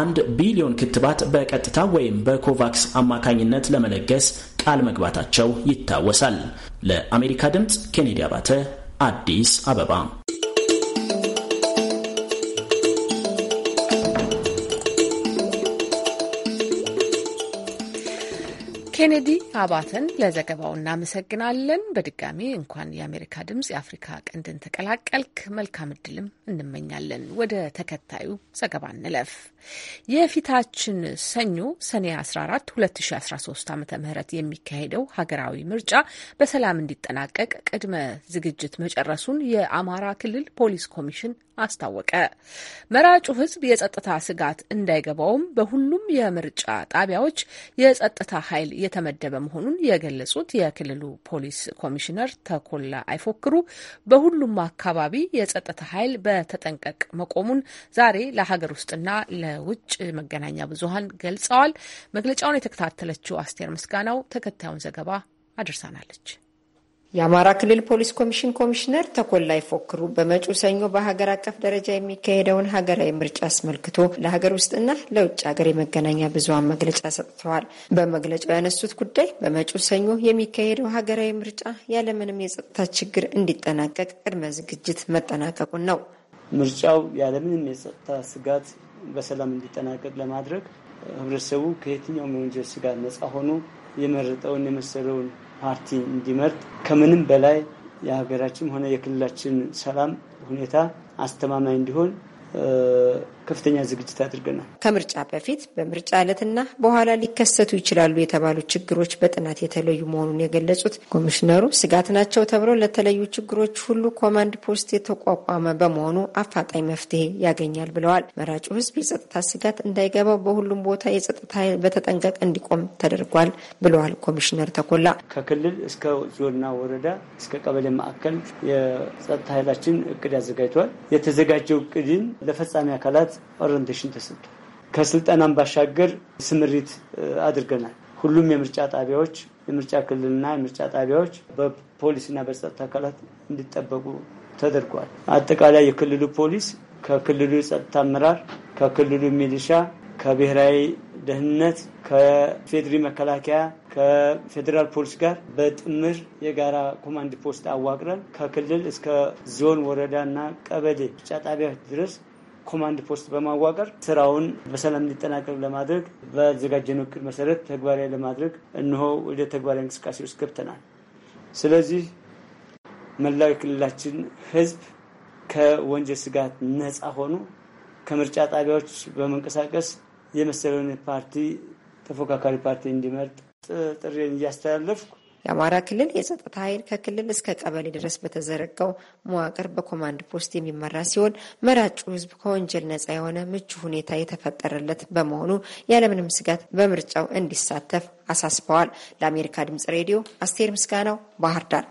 Speaker 8: አንድ ቢሊዮን ክትባት በቀጥታ ወይም በኮቫክስ አማካኝነት ለመለገስ ቃል መግባታቸው ይታወሳል። ለአሜሪካ ድምፅ ኬኔዲ አባተ አዲስ አበባ
Speaker 1: ኬኔዲ አባተን ለዘገባው እናመሰግናለን። በድጋሚ እንኳን የአሜሪካ ድምጽ የአፍሪካ ቀንድን ተቀላቀልክ፣ መልካም እድልም እንመኛለን። ወደ ተከታዩ ዘገባ እንለፍ። የፊታችን ሰኞ ሰኔ 14 2013 ዓ ም የሚካሄደው ሀገራዊ ምርጫ በሰላም እንዲጠናቀቅ ቅድመ ዝግጅት መጨረሱን የአማራ ክልል ፖሊስ ኮሚሽን አስታወቀ። መራጩ ሕዝብ የጸጥታ ስጋት እንዳይገባውም በሁሉም የምርጫ ጣቢያዎች የጸጥታ ኃይል የተመደበ መሆኑን የገለጹት የክልሉ ፖሊስ ኮሚሽነር ተኮላ አይፎክሩ በሁሉም አካባቢ የጸጥታ ኃይል በተጠንቀቅ መቆሙን ዛሬ ለሀገር ውስጥና ለውጭ መገናኛ ብዙኃን ገልጸዋል። መግለጫውን የተከታተለችው አስቴር ምስጋናው ተከታዩን ዘገባ አድርሳናለች።
Speaker 9: የአማራ ክልል ፖሊስ ኮሚሽን ኮሚሽነር ተኮላ ይፎክሩ በመጪው ሰኞ በሀገር አቀፍ ደረጃ የሚካሄደውን ሀገራዊ ምርጫ አስመልክቶ ለሀገር ውስጥና ለውጭ ሀገር የመገናኛ ብዙኃን መግለጫ ሰጥተዋል። በመግለጫው ያነሱት ጉዳይ በመጪው ሰኞ የሚካሄደው ሀገራዊ ምርጫ ያለምንም የጸጥታ ችግር እንዲጠናቀቅ ቅድመ ዝግጅት መጠናቀቁን ነው።
Speaker 6: ምርጫው ያለምንም የጸጥታ ስጋት በሰላም እንዲጠናቀቅ ለማድረግ ህብረተሰቡ ከየትኛውም የወንጀል ስጋት ነጻ ሆኖ የመረጠውን የመሰለውን ፓርቲ እንዲመርጥ ከምንም በላይ የሀገራችን ሆነ የክልላችን ሰላም ሁኔታ አስተማማኝ እንዲሆን ከፍተኛ ዝግጅት አድርገናል።
Speaker 9: ከምርጫ በፊት በምርጫ ዕለትና በኋላ ሊከሰቱ ይችላሉ የተባሉ ችግሮች በጥናት የተለዩ መሆኑን የገለጹት ኮሚሽነሩ ስጋት ናቸው ተብሎ ለተለዩ ችግሮች ሁሉ ኮማንድ ፖስት የተቋቋመ በመሆኑ አፋጣኝ መፍትሄ ያገኛል ብለዋል። መራጩ ህዝብ የጸጥታ ስጋት እንዳይገባው በሁሉም ቦታ የጸጥታ ኃይል በተጠንቀቅ እንዲቆም ተደርጓል ብለዋል ኮሚሽነር ተኮላ።
Speaker 6: ከክልል እስከ ዞንና ወረዳ እስከ ቀበሌ ማዕከል የጸጥታ ኃይላችን እቅድ አዘጋጅቷል። የተዘጋጀው እቅድን ለፈጻሚ አካላት ኦሪንቴሽን ተሰጥቶ ከስልጠናም ባሻገር ስምሪት አድርገናል። ሁሉም የምርጫ ጣቢያዎች የምርጫ ክልልና የምርጫ ጣቢያዎች በፖሊስና በጸጥታ አካላት እንዲጠበቁ ተደርጓል። አጠቃላይ የክልሉ ፖሊስ ከክልሉ የጸጥታ አመራር፣ ከክልሉ ሚሊሻ፣ ከብሔራዊ ደህንነት፣ ከፌድሪ መከላከያ፣ ከፌዴራል ፖሊስ ጋር በጥምር የጋራ ኮማንድ ፖስት አዋቅረን ከክልል እስከ ዞን፣ ወረዳ ቀበሌ ምርጫ ጣቢያዎች ድረስ ኮማንድ ፖስት በማዋቀር ስራውን በሰላም እንዲጠናቀቅ ለማድረግ በዘጋጀነው እቅድ መሰረት ተግባራዊ ለማድረግ እንሆ ወደ ተግባራዊ እንቅስቃሴ ውስጥ ገብተናል። ስለዚህ መላው የክልላችን ህዝብ ከወንጀል ስጋት ነፃ ሆኖ ከምርጫ ጣቢያዎች በመንቀሳቀስ የመሰለውን ፓርቲ ተፎካካሪ ፓርቲ እንዲመርጥ ጥሬን እያስተላለፍኩ
Speaker 9: የአማራ ክልል የጸጥታ ኃይል ከክልል እስከ ቀበሌ ድረስ በተዘረጋው መዋቅር በኮማንድ ፖስት የሚመራ ሲሆን መራጩ ሕዝብ ከወንጀል ነጻ የሆነ ምቹ ሁኔታ የተፈጠረለት በመሆኑ ያለምንም ስጋት በምርጫው እንዲሳተፍ አሳስበዋል። ለአሜሪካ ድምጽ ሬዲዮ አስቴር ምስጋናው ባህር ዳር።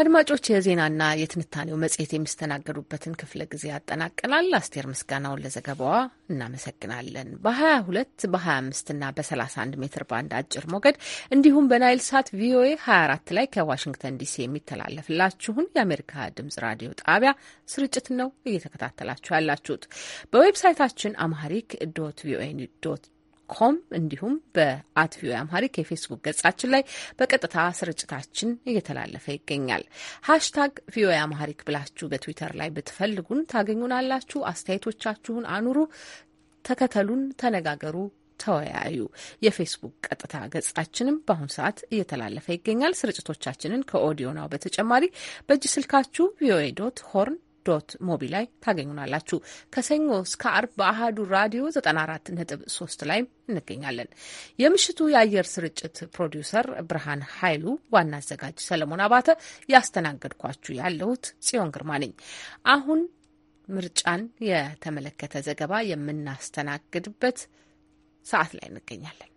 Speaker 1: አድማጮች፣ የዜናና የትንታኔው መጽሔት የሚስተናገዱበትን ክፍለ ጊዜ ያጠናቀናል። አስቴር ምስጋናውን ለዘገባዋ እናመሰግናለን። በ22 በ25 እና በ31 ሜትር ባንድ አጭር ሞገድ እንዲሁም በናይል ሳት ቪኦኤ 24 ላይ ከዋሽንግተን ዲሲ የሚተላለፍላችሁን የአሜሪካ ድምጽ ራዲዮ ጣቢያ ስርጭት ነው እየተከታተላችሁ ያላችሁት። በዌብሳይታችን አምሃሪክ ዶት ቪኦኤ ዶት ኮም እንዲሁም በአት ቪኦኤ አምሃሪክ የፌስቡክ ገጻችን ላይ በቀጥታ ስርጭታችን እየተላለፈ ይገኛል። ሃሽታግ ቪኦኤ አምሃሪክ ብላችሁ በትዊተር ላይ ብትፈልጉን ታገኙናላችሁ። አስተያየቶቻችሁን አኑሩ፣ ተከተሉን፣ ተነጋገሩ ተወያዩ። የፌስቡክ ቀጥታ ገጻችንም በአሁኑ ሰዓት እየተላለፈ ይገኛል። ስርጭቶቻችንን ከኦዲዮ ናው በተጨማሪ በእጅ ስልካችሁ ቪኦኤ ዶት ሆርን ዶት ሞቢ ላይ ታገኙናላችሁ። ከሰኞ እስከ አርብ በአህዱ ራዲዮ 94.3 ላይ እንገኛለን። የምሽቱ የአየር ስርጭት ፕሮዲውሰር ብርሃን ኃይሉ፣ ዋና አዘጋጅ ሰለሞን አባተ፣ ያስተናገድኳችሁ ያለሁት ጽዮን ግርማ ነኝ። አሁን ምርጫን የተመለከተ ዘገባ የምናስተናግድበት ሰዓት ላይ እንገኛለን።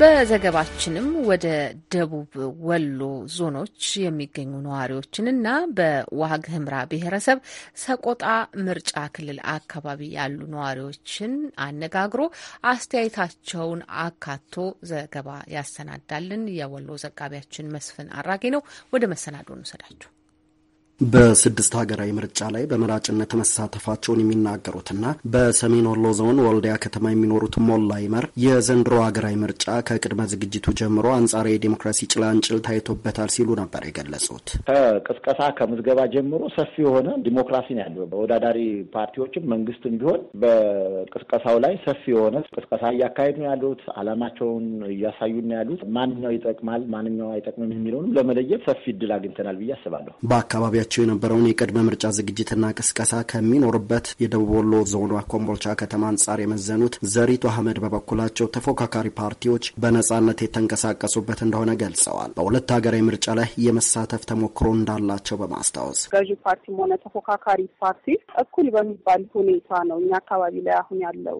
Speaker 1: በዘገባችንም ወደ ደቡብ ወሎ ዞኖች የሚገኙ ነዋሪዎችንና በዋግ ህምራ ብሔረሰብ ሰቆጣ ምርጫ ክልል አካባቢ ያሉ ነዋሪዎችን አነጋግሮ አስተያየታቸውን አካቶ ዘገባ ያሰናዳልን የወሎ ዘጋቢያችን መስፍን አራጌ ነው። ወደ መሰናዶ እንውሰዳችሁ።
Speaker 10: በስድስት ሀገራዊ ምርጫ ላይ በመራጭነት መሳተፋቸውን የሚናገሩትና በሰሜን ወሎ ዞን ወልዲያ ከተማ የሚኖሩት ሞላ ይመር የዘንድሮ ሀገራዊ ምርጫ ከቅድመ ዝግጅቱ ጀምሮ አንጻራዊ የዴሞክራሲ ጭላንጭል ታይቶበታል ሲሉ ነበር የገለጹት።
Speaker 7: ከቅስቀሳ ከምዝገባ ጀምሮ ሰፊ የሆነ ዲሞክራሲ ነው ያለው። በወዳዳሪ ፓርቲዎችም መንግስትም ቢሆን በቅስቀሳው ላይ ሰፊ የሆነ ቅስቀሳ እያካሄዱ ነው ያሉት። አላማቸውን እያሳዩ ነው ያሉት። ማንኛው ይጠቅማል፣ ማንኛው አይጠቅምም የሚለውንም ለመለየት ሰፊ እድል አግኝተናል ብዬ አስባለሁ።
Speaker 10: በአካባቢ እያካሄደችው የነበረውን የቅድመ ምርጫ ዝግጅትና ቅስቀሳ ከሚኖርበት የደቡብ ወሎ ዞኗ ኮምቦልቻ ከተማ አንጻር የመዘኑት ዘሪቱ አህመድ በበኩላቸው ተፎካካሪ ፓርቲዎች በነጻነት የተንቀሳቀሱበት እንደሆነ ገልጸዋል። በሁለት ሀገራዊ ምርጫ ላይ የመሳተፍ ተሞክሮ እንዳላቸው በማስታወስ
Speaker 11: ገዢ ፓርቲም ሆነ ተፎካካሪ ፓርቲ እኩል በሚባል ሁኔታ ነው እኛ አካባቢ ላይ አሁን ያለው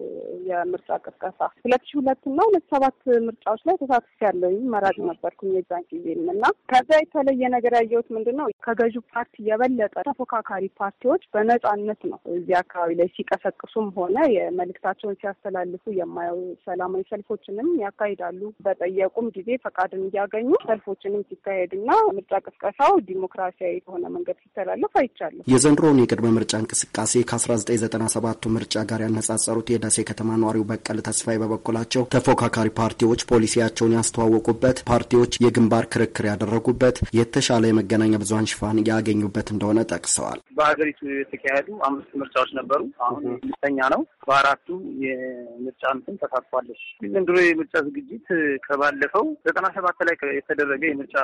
Speaker 11: የምርጫ ቅስቀሳ። ሁለት ሺ ሁለት እና ሁለት ሰባት ምርጫዎች ላይ ተሳትፍ ያለው መራጭ ነበርኩኝ የዛን ጊዜም እና ከዛ የተለየ ነገር ያየሁት ምንድን ነው ከገዢ ፓርቲ የበለጠ ተፎካካሪ ፓርቲዎች በነጻነት ነው እዚህ አካባቢ ላይ ሲቀሰቅሱም ሆነ የመልእክታቸውን ሲያስተላልፉ የማየው ሰላማዊ ሰልፎችንም ያካሂዳሉ። በጠየቁም ጊዜ ፈቃድን እያገኙ ሰልፎችንም ሲካሄድና ምርጫ ቅስቀሳው ዲሞክራሲያዊ በሆነ መንገድ ሲተላለፍ አይቻለሁ።
Speaker 10: የዘንድሮውን የቅድመ ምርጫ እንቅስቃሴ ከ1997ቱ ምርጫ ጋር ያነጻጸሩት የደሴ ከተማ ነዋሪው በቀል ተስፋዬ በበኩላቸው ተፎካካሪ ፓርቲዎች ፖሊሲያቸውን ያስተዋወቁበት፣ ፓርቲዎች የግንባር ክርክር ያደረጉበት፣ የተሻለ የመገናኛ ብዙሀን ሽፋን ያገኙ እያዩበት እንደሆነ ጠቅሰዋል።
Speaker 12: በሀገሪቱ የተካሄዱ አምስት ምርጫዎች ነበሩ። አሁን ስድስተኛ ነው። በአራቱ የምርጫ እንትን ተሳትፏለች። ዘንድሮ የምርጫ ዝግጅት ከባለፈው ዘጠና ሰባት ላይ የተደረገ የምርጫ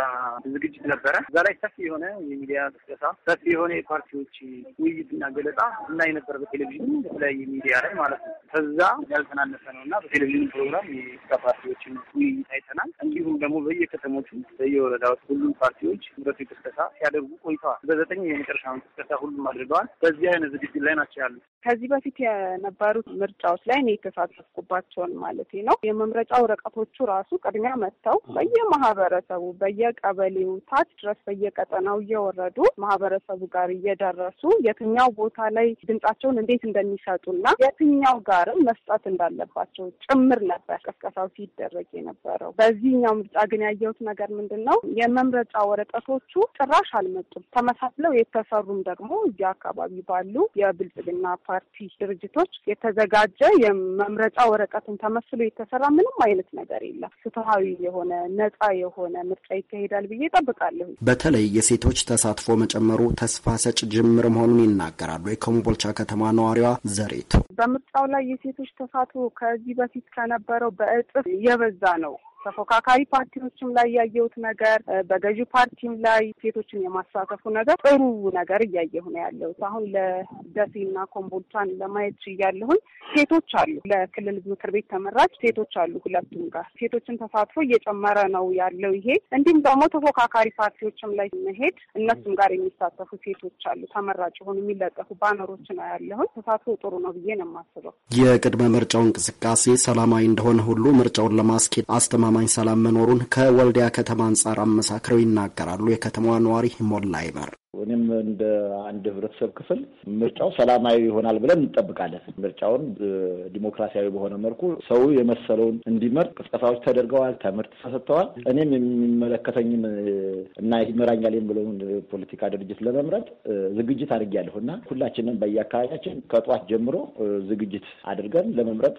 Speaker 12: ዝግጅት ነበረ። እዛ ላይ ሰፊ የሆነ የሚዲያ ቅስቀሳ፣ ሰፊ የሆነ የፓርቲዎች ውይይትና ገለጻ እናይ ነበር በቴሌቪዥን በተለያየ ሚዲያ ላይ ማለት ነው። ከዛ ያልተናነሰ ነው እና በቴሌቪዥን ፕሮግራም የስራ ፓርቲዎችን ውይይት አይተናል። እንዲሁም ደግሞ በየከተሞቹ በየወረዳዎች ሁሉም ፓርቲዎች ምረጡ ቅስቀሳ ሲያደርጉ ቆይተዋል። በዘጠኝ የመጨረሻ ቅስቀሳ ሁሉም አድርገዋል። በዚህ አይነት ዝግጅት ላይ ናቸው ያሉት።
Speaker 11: ከዚህ በፊት የነበሩት ምርጫዎች ላይ እኔ የተሳተፍኩባቸውን ማለት ነው። የመምረጫ ወረቀቶቹ ራሱ ቅድሚያ መጥተው በየማህበረሰቡ በየቀበሌው ታች ድረስ በየቀጠናው እየወረዱ ማህበረሰቡ ጋር እየደረሱ የትኛው ቦታ ላይ ድምጻቸውን እንዴት እንደሚሰጡና የትኛው ጋርም መስጠት እንዳለባቸው ጭምር ነበር ቀስቀሳው ሲደረግ የነበረው። በዚህኛው ምርጫ ግን ያየሁት ነገር ምንድን ነው? የመምረጫ ወረቀቶቹ ጭራሽ አልመጡም። ተመሳ ተከፋፍለው የተሰሩም ደግሞ እዚያ አካባቢ ባሉ የብልጽግና ፓርቲ ድርጅቶች የተዘጋጀ የመምረጫ ወረቀትን ተመስሎ የተሰራ ምንም አይነት ነገር የለም። ፍትሀዊ የሆነ ነጻ የሆነ ምርጫ ይካሄዳል ብዬ ጠብቃለሁ።
Speaker 10: በተለይ የሴቶች ተሳትፎ መጨመሩ ተስፋ ሰጭ ጅምር መሆኑን ይናገራሉ የኮምቦልቻ ከተማ ነዋሪዋ ዘሬቱ።
Speaker 11: በምርጫው ላይ የሴቶች ተሳትፎ ከዚህ በፊት ከነበረው በእጥፍ የበዛ ነው። ተፎካካሪ ፓርቲዎችም ላይ ያየሁት ነገር በገዢ ፓርቲም ላይ ሴቶችን የማሳተፉ ነገር ጥሩ ነገር እያየሁ ነው ያለሁት። አሁን ለደሴና ኮምቦልቻን ለማየት ችያለሁኝ። ሴቶች አሉ፣ ለክልል ምክር ቤት ተመራጭ ሴቶች አሉ። ሁለቱም ጋር ሴቶችን ተሳትፎ እየጨመረ ነው ያለው ይሄ። እንዲሁም ደግሞ ተፎካካሪ ፓርቲዎችም ላይ መሄድ እነሱም ጋር የሚሳተፉ ሴቶች አሉ። ተመራጭ የሆኑ የሚለጠፉ ባነሮች ነው ያለሁኝ። ተሳትፎ ጥሩ ነው ብዬ ነው የማስበው።
Speaker 10: የቅድመ ምርጫው እንቅስቃሴ ሰላማዊ እንደሆነ ሁሉ ምርጫውን ለማስኬድ አስተማ አስተማማኝ ሰላም መኖሩን ከወልዲያ ከተማ አንጻር አመሳክረው ይናገራሉ የከተማዋ ነዋሪ ሞላ ይበር።
Speaker 7: እኔም እንደ አንድ ህብረተሰብ ክፍል ምርጫው ሰላማዊ ይሆናል ብለን እንጠብቃለን። ምርጫውን ዲሞክራሲያዊ በሆነ መልኩ ሰው የመሰለውን እንዲመርጥ ቅስቀሳዎች ተደርገዋል፣ ትምህርት ተሰጥተዋል። እኔም የሚመለከተኝን እና ይመራኛል የምለውን ፖለቲካ ድርጅት ለመምረጥ ዝግጅት አድርጌያለሁ እና ሁላችንም በየአካባቢያችን ከጧት ጀምሮ ዝግጅት አድርገን ለመምረጥ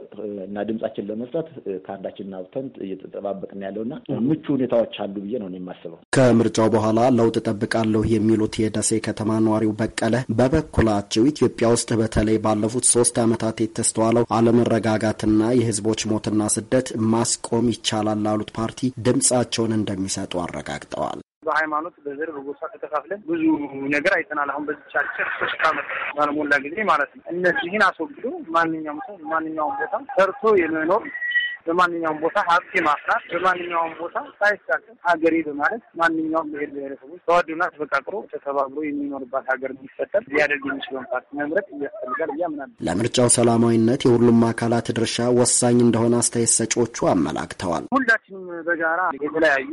Speaker 7: እና ድምጻችን ለመስጠት ከአንዳችን አውጥተን እየተጠባበቅን ያለውና ምቹ ሁኔታዎች አሉ ብዬ ነው የማስበው።
Speaker 10: ከምርጫው በኋላ ለውጥ እጠብቃለሁ የሚሉት የደሴ ከተማ ነዋሪው በቀለ በበኩላቸው ኢትዮጵያ ውስጥ በተለይ ባለፉት ሶስት ዓመታት የተስተዋለው አለመረጋጋትና የህዝቦች ሞትና ስደት ማስቆም ይቻላል ላሉት ፓርቲ ድምጻቸውን እንደሚሰጡ አረጋግጠዋል።
Speaker 12: በሃይማኖት፣ በዘር፣ በጎሳ ተከፋፍለን ብዙ ነገር አይተናል። አሁን በዚች አጭር ሶስት ዓመት ባለሞላ ጊዜ ማለት ነው። እነዚህን አስወግዶ ማንኛውም ሰው ማንኛውም ቦታ ሰርቶ የመኖር በማንኛውም ቦታ ሀብቴ ማፍራት በማንኛውም ቦታ ሳይሳቀቅ ሀገሬ በማለት ማንኛውም ብሄር ብሄረሰቦች ተዋዶና ተፈቃቅሮ ተሰባብሮ የሚኖርባት ሀገር እንዲፈጠር ሊያደርግ የሚችለውን ፓርቲ መምረጥ እያስፈልጋል እያምናለሁ።
Speaker 10: ለምርጫው ሰላማዊነት የሁሉም አካላት ድርሻ ወሳኝ እንደሆነ አስተያየት ሰጪዎቹ አመላክተዋል።
Speaker 12: ሁላችንም በጋራ የተለያዩ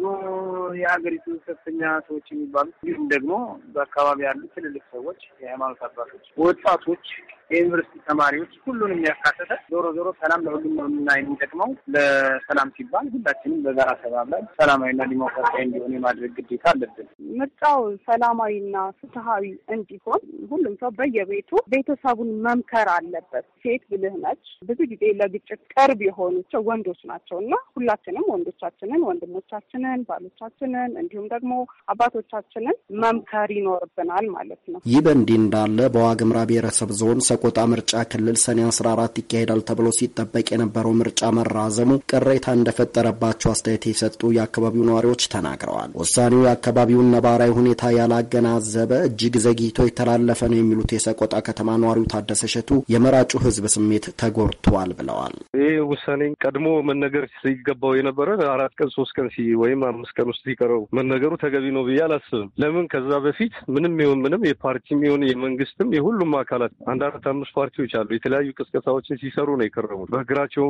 Speaker 12: የሀገሪቱ ከፍተኛ ሰዎች የሚባሉት እንዲሁም ደግሞ በአካባቢ ያሉ ትልልቅ ሰዎች፣ የሃይማኖት አባቶች፣ ወጣቶች የዩኒቨርሲቲ ተማሪዎች ሁሉንም ያካተተ ዞሮ ዞሮ ሰላም ለሁሉም ነውና የሚጠቅመው ለሰላም ሲባል ሁላችንም በጋራ ተባብለን ሰላማዊና ዲሞክራሲያዊ እንዲሆን የማድረግ ግዴታ አለብን።
Speaker 11: ምርጫው ሰላማዊና ፍትሀዊ እንዲሆን ሁሉም ሰው በየቤቱ ቤተሰቡን መምከር አለበት። ሴት ብልህ ነች። ብዙ ጊዜ ለግጭት ቅርብ የሆኑቸው ወንዶች ናቸው እና ሁላችንም ወንዶቻችንን፣ ወንድሞቻችንን፣ ባሎቻችንን እንዲሁም ደግሞ አባቶቻችንን መምከር ይኖርብናል ማለት ነው።
Speaker 10: ይህ በእንዲህ እንዳለ በዋግምራ ብሔረሰብ ዞን የሰቆጣ ምርጫ ክልል ሰኔ 14 ይካሄዳል ተብሎ ሲጠበቅ የነበረው ምርጫ መራዘሙ ቅሬታ እንደፈጠረባቸው አስተያየት የሰጡ የአካባቢው ነዋሪዎች ተናግረዋል። ውሳኔው የአካባቢውን ነባራዊ ሁኔታ ያላገናዘበ እጅግ ዘግይቶ የተላለፈ ነው የሚሉት የሰቆጣ ከተማ ነዋሪው ታደሰ ሸቱ የመራጩ ህዝብ ስሜት ተጎድቷል ብለዋል።
Speaker 13: ይህ ውሳኔ ቀድሞ መነገር ሲገባው የነበረ አራት ቀን ሶስት ቀን ወይም አምስት ቀን ውስጥ ሲቀረው መነገሩ ተገቢ ነው ብዬ አላስብም። ለምን ከዛ በፊት ምንም ይሁን ምንም የፓርቲም ይሁን የመንግስትም የሁሉም አካላት አንድ አምስት ፓርቲዎች አሉ። የተለያዩ ቅስቀሳዎችን ሲሰሩ ነው የከረሙት። በእግራቸው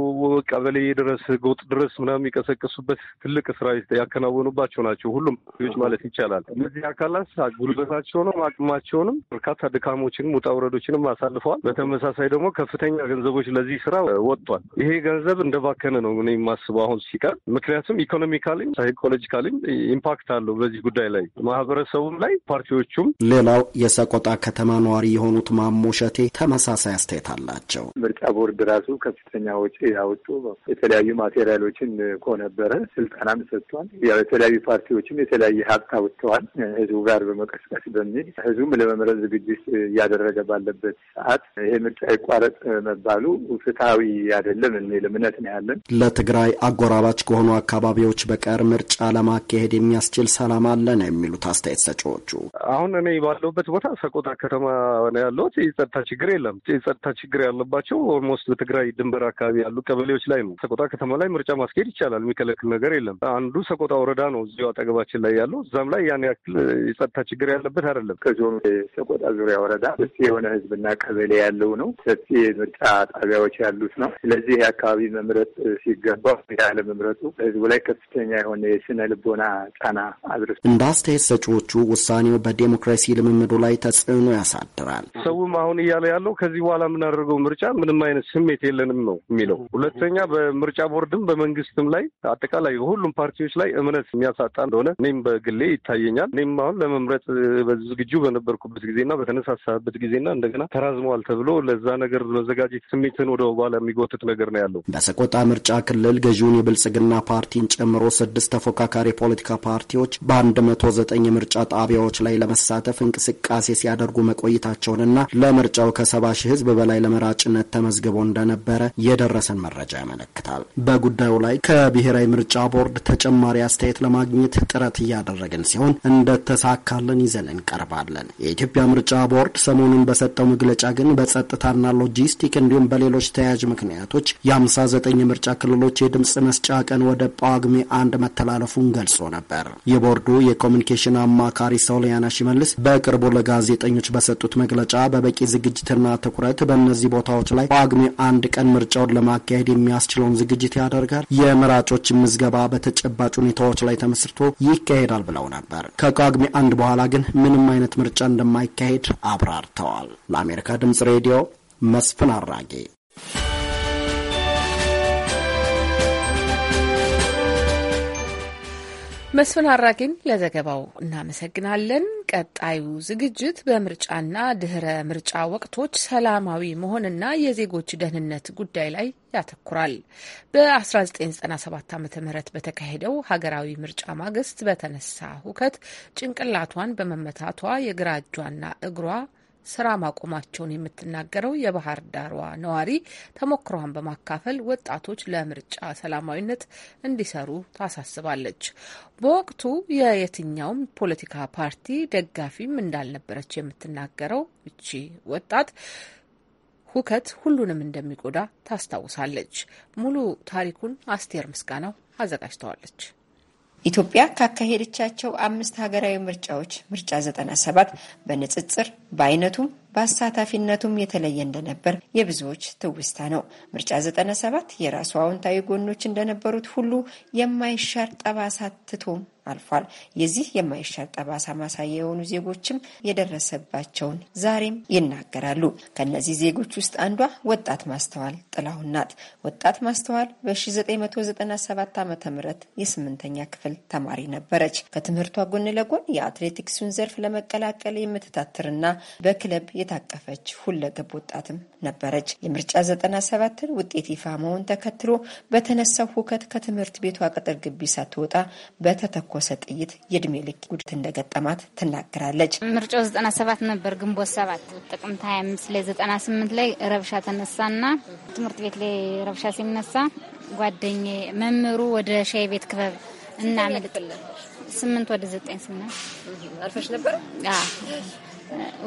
Speaker 13: ቀበሌ ድረስ ጎጥ ድረስ ምናምን የቀሰቀሱበት ትልቅ ስራ ያከናወኑባቸው ናቸው። ሁሉም ፓርቲዎች ማለት ይቻላል። እነዚህ አካላት ጉልበታቸውንም አቅማቸውንም በርካታ ድካሞችንም ውጣ ውረዶችንም አሳልፈዋል። በተመሳሳይ ደግሞ ከፍተኛ ገንዘቦች ለዚህ ስራ ወጥቷል። ይሄ ገንዘብ እንደባከነ ነው እኔ የማስበው አሁን ሲቀር። ምክንያቱም ኢኮኖሚካሊም ሳይኮሎጂካሊም ኢምፓክት አለው በዚህ ጉዳይ ላይ ማህበረሰቡም ላይ ፓርቲዎቹም።
Speaker 10: ሌላው የሰቆጣ ከተማ ነዋሪ የሆኑት ማሞሸቴ ተመሳሳይ አስተያየት አላቸው።
Speaker 13: ምርጫ ቦርድ ራሱ ከፍተኛ ወጪ ያወጡ
Speaker 7: የተለያዩ ማቴሪያሎችን እኮ ነበረ። ስልጠናም ሰጥቷል። የተለያዩ ፓርቲዎችም የተለያየ ሀብት አውጥተዋል ህዝቡ ጋር በመቀስቀስ በሚል ህዝቡም ለመምረጥ ዝግጅት እያደረገ ባለበት ሰዓት ይሄ ምርጫ ይቋረጥ መባሉ ፍትሐዊ አይደለም የሚል እምነት ነው ያለን።
Speaker 10: ለትግራይ አጎራባች ከሆኑ አካባቢዎች በቀር ምርጫ ለማካሄድ የሚያስችል ሰላም አለ ነው የሚሉት አስተያየት ሰጪዎቹ።
Speaker 13: አሁን እኔ ባለሁበት ቦታ ሰቆጣ ከተማ ነው ያለሁት። የጸጥታ ችግር የለም። የጸጥታ ችግር ያለባቸው ኦልሞስት በትግራይ ድንበር አካባቢ ያሉ ቀበሌዎች ላይ ነው። ሰቆጣ ከተማ ላይ ምርጫ ማስኬድ ይቻላል። የሚከለክል ነገር የለም። አንዱ ሰቆጣ ወረዳ ነው እዚሁ አጠገባችን ላይ ያለው። እዛም ላይ ያን ያክል የጸጥታ ችግር ያለበት አይደለም። ከዚሁም ሰቆጣ ዙሪያ ወረዳ ሰፊ የሆነ ህዝብና ቀበሌ ያለው ነው። ሰፊ ምርጫ ጣቢያዎች ያሉት ነው። ስለዚህ የአካባቢ መምረጥ
Speaker 7: ሲገባው መምረጡ ህዝቡ ላይ ከፍተኛ የሆነ የስነ ልቦና ጫና አድርስ እንደ
Speaker 10: አስተያየት ሰጪዎቹ ውሳኔው በዴሞክራሲ ልምምዱ ላይ ተጽዕኖ ያሳድራል።
Speaker 13: ሰውም አሁን እያለ ያለው ከዚህ በኋላ የምናደርገው ምርጫ ምንም አይነት ስሜት የለንም ነው የሚለው። ሁለተኛ በምርጫ ቦርድም በመንግስትም ላይ አጠቃላይ ሁሉም ፓርቲዎች ላይ እምነት የሚያሳጣ እንደሆነ እኔም በግሌ ይታየኛል። እኔም አሁን ለመምረጥ ዝግጁ በነበርኩበት ጊዜና በተነሳሳበት ጊዜና እንደገና ተራዝመዋል ተብሎ ለዛ ነገር መዘጋጀት ስሜትን ወደ በኋላ የሚጎትት ነገር ነው ያለው።
Speaker 10: በሰቆጣ ምርጫ ክልል ገዢውን የብልጽግና ፓርቲን ጨምሮ ስድስት ተፎካካሪ የፖለቲካ ፓርቲዎች በአንድ መቶ ዘጠኝ የምርጫ ጣቢያዎች ላይ ለመሳተፍ እንቅስቃሴ ሲያደርጉ መቆየታቸውንና ለምርጫው ከ ከሰባ ሺህ ህዝብ በላይ ለመራጭነት ተመዝግቦ እንደነበረ የደረሰን መረጃ ያመለክታል። በጉዳዩ ላይ ከብሔራዊ ምርጫ ቦርድ ተጨማሪ አስተያየት ለማግኘት ጥረት እያደረግን ሲሆን እንደተሳካልን ይዘን እንቀርባለን። የኢትዮጵያ ምርጫ ቦርድ ሰሞኑን በሰጠው መግለጫ ግን በጸጥታና ሎጂስቲክ እንዲሁም በሌሎች ተያያዥ ምክንያቶች የ59 የምርጫ ክልሎች የድምፅ መስጫ ቀን ወደ ጳጉሜ አንድ መተላለፉን ገልጾ ነበር። የቦርዱ የኮሚኒኬሽን አማካሪ ሶሊያና ሽመልስ በቅርቡ ለጋዜጠኞች በሰጡት መግለጫ በበቂ ዝግጅት ። ትኩረትና ትኩረት በእነዚህ ቦታዎች ላይ ጳጉሜ አንድ ቀን ምርጫውን ለማካሄድ የሚያስችለውን ዝግጅት ያደርጋል። የመራጮች ምዝገባ በተጨባጭ ሁኔታዎች ላይ ተመስርቶ ይካሄዳል ብለው ነበር። ከጳጉሜ አንድ በኋላ ግን ምንም አይነት ምርጫ እንደማይካሄድ አብራርተዋል። ለአሜሪካ ድምጽ ሬዲዮ መስፍን አራጌ
Speaker 1: መስፍን አራጌን ለዘገባው እናመሰግናለን። ቀጣዩ ዝግጅት በምርጫና ድህረ ምርጫ ወቅቶች ሰላማዊ መሆንና የዜጎች ደህንነት ጉዳይ ላይ ያተኩራል። በ1997 ዓ ም በተካሄደው ሀገራዊ ምርጫ ማግስት በተነሳ ሁከት ጭንቅላቷን በመመታቷ የግራ እጇና እግሯ ስራ ማቆማቸውን የምትናገረው የባህር ዳሯ ነዋሪ ተሞክሯን በማካፈል ወጣቶች ለምርጫ ሰላማዊነት እንዲሰሩ ታሳስባለች። በወቅቱ የየትኛውም ፖለቲካ ፓርቲ ደጋፊም እንዳልነበረች የምትናገረው እቺ ወጣት ሁከት ሁሉንም እንደሚጎዳ ታስታውሳለች። ሙሉ ታሪኩን
Speaker 9: አስቴር ምስጋናው አዘጋጅተዋለች። ኢትዮጵያ ካካሄደቻቸው አምስት ሀገራዊ ምርጫዎች ምርጫ 97 በንጽጽር በአይነቱም በአሳታፊነቱም የተለየ እንደነበር የብዙዎች ትውስታ ነው። ምርጫ 97 የራሱ አዎንታዊ ጎኖች እንደነበሩት ሁሉ የማይሻር ጠባሳ ትቶም አልፏል። የዚህ የማይሻር ጠባሳ ማሳያ የሆኑ ዜጎችም የደረሰባቸውን ዛሬም ይናገራሉ። ከእነዚህ ዜጎች ውስጥ አንዷ ወጣት ማስተዋል ጥላሁን ናት። ወጣት ማስተዋል በ1997 ዓ ም የስምንተኛ ክፍል ተማሪ ነበረች። ከትምህርቷ ጎን ለጎን የአትሌቲክሱን ዘርፍ ለመቀላቀል የምትታትርና በክለብ የታቀፈች ሁለገብ ወጣትም ነበረች። የምርጫ 97 ውጤት ይፋ መሆን ተከትሎ በተነሳው ሁከት ከትምህርት ቤቷ ቅጥር ግቢ ሳትወጣ በተተ በተተኮሰ ጥይት የእድሜ ልክ ጉዳት እንደገጠማት ትናገራለች። ምርጫው
Speaker 14: 97 ነበር ግንቦት 7 ጥቅምት 25 ላይ 98 ላይ ረብሻ ተነሳና ትምህርት ቤት ላይ ረብሻ ሲነሳ ጓደኛ መምህሩ ወደ ሻይ ቤት ክበብ እናምልጥ ስምንት ወደ ዘጠኝ ስና አልፈሽ ነበር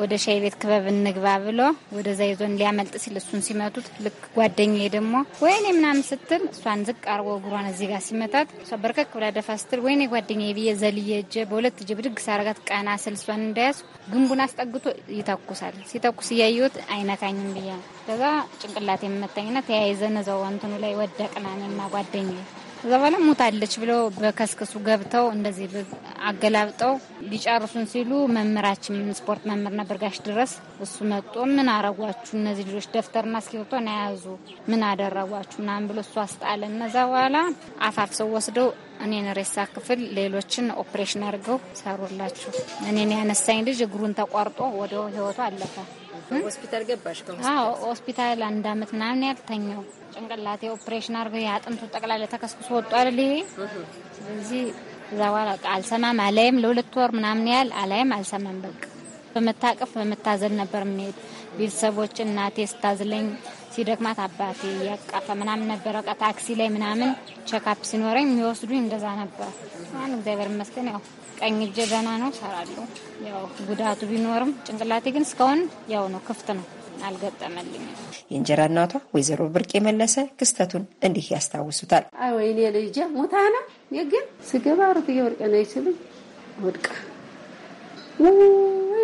Speaker 14: ወደ ሻይ ቤት ክበብ እንግባ ብሎ ወደዛ ይዞን ሊያመልጥ ሲል እሱን ሲመቱት፣ ልክ ጓደኛዬ ደግሞ ወይኔ ምናምን ስትል እሷን ዝቅ አርጎ እግሯን እዚህ ጋር ሲመታት እሷ በርከክ ብላ ደፋ ስትል ወይኔ ጓደኛዬ ብዬ ዘልዬ እጄ በሁለት እጄ ብድግ ሳረጋት ቀና ስል እሷን እንዳያዝ ግንቡን አስጠግቶ ይተኩሳል። ሲተኩስ እያየሁት አይነካኝም ብያ ከዛ ጭንቅላት የምመታኝና ተያይዘን እዛው እንትኑ ላይ ወደቅና እኔና ጓደኛዬ ከዛ በኋላ ሞታለች ብለው በከስክሱ ገብተው እንደዚህ አገላብጠው ሊጨርሱን ሲሉ መምህራችን ስፖርት መምህር ነበር ጋሽ ድረስ እሱ መጦ ምን አረጓችሁ እነዚህ ልጆች ደብተርና እስክሪብቶ ያዙ ምን አደረጓችሁ ምናምን ብሎ እሱ አስጣለ። እነዛ በኋላ አፋፍሰው ወስደው እኔን ሬሳ ክፍል ሌሎችን ኦፕሬሽን አድርገው ሰሩላችሁ። እኔን ያነሳኝ ልጅ እግሩን ተቋርጦ ወደ ህይወቱ አለፈ። ሆስፒታል ገባሽ? ሆስፒታል አንድ አመት ምናምን ያልተኛው ጭንቅላቴ ኦፕሬሽን አርገ የአጥንቱ ጠቅላላ ተከስክሶ ወጡ አይደል ይሄ። ስለዚህ እዛ በኋላ አልሰማም አላይም፣ ለሁለት ወር ምናምን ያህል አላይም አልሰማም። በቃ በመታቀፍ በመታዘል ነበር የምሄድ። ቤተሰቦች እናቴ ስታዝለኝ፣ ሲደክማት አባቴ እያቀፈ ምናምን ነበረ። በቃ ታክሲ ላይ ምናምን ቼካፕ ሲኖረኝ የሚወስዱኝ እንደዛ ነበር። አሁን እግዚአብሔር ይመስገን ያው ቀኝ እጄ ደህና ነው፣ እሰራለሁ። ያው ጉዳቱ ቢኖርም ጭንቅላቴ ግን እስካሁን ያው ነው ክፍት ነው። አልገጠመልኝም።
Speaker 9: የእንጀራ እናቷ ወይዘሮ ብርቅ የመለሰ ክስተቱን እንዲህ ያስታውሱታል።
Speaker 15: አይ ወይ ወይኔ ልጄ ሞታ ነው የግን ስገባ ሩት እየወርቀ ነው ይችልኝ ወድቃ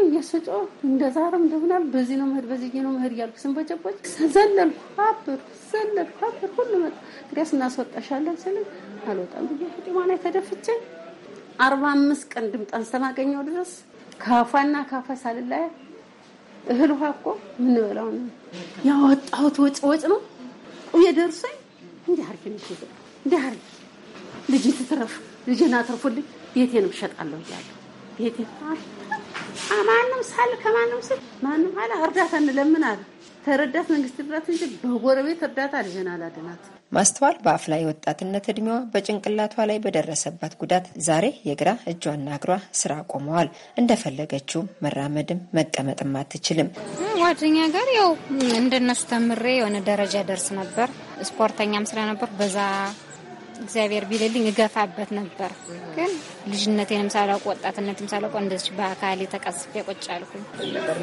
Speaker 15: እየሰጮ እንደ ዛርም እንደሆናል በዚህ ነው መሄድ በዚህ ነው መሄድ እያልኩ ስንበጨበጭ ዘለልኩ አብር ዘለልኩ አብር ሁሉ መጣ እንግዲያስ እናስወጣሻለን ስል አልወጣም ብዬ ፊጥማ ላይ ተደፍቼ አርባ አምስት ቀን ድምጣን ስተማገኘው ድረስ ካፋና ካፋ ሳልላያ እህል ውሃ እኮ የምንበላው ነው ያወጣሁት ወጭ ወጭ ነው። ቁሜ ደርሶኝ እንዲህ አድርጊ ምሽት እንዲህ አድርጊ ልጅ ትትረፍ ልጅን አትርፉልኝ ቤቴን እሸጣለሁ እያለሁ ቤቴን ማንም ሳል ከማንም ስል ማንም አለ እርዳታ እንለምን አለ ተረዳት መንግስት ይርዳት እንጂ በጎረቤት እርዳታ ልጅን አላድናት።
Speaker 9: ማስተዋል በአፍላ የወጣትነት እድሜዋ በጭንቅላቷ ላይ በደረሰባት ጉዳት ዛሬ የግራ እጇና እግሯ ስራ ቆመዋል። እንደፈለገችው መራመድም መቀመጥም አትችልም።
Speaker 14: ጓደኛ ጋር ያው እንደነሱ ተምሬ የሆነ ደረጃ ደርስ ነበር። ስፖርተኛም ስለነበር በዛ እግዚአብሔር ቢልልኝ እገፋበት ነበር። ግን ልጅነቴንም ሳላውቅ ወጣትነትም ሳላውቅ እንደዚህ በአካል የተቀስፍ የቆጭ አልኩኝ።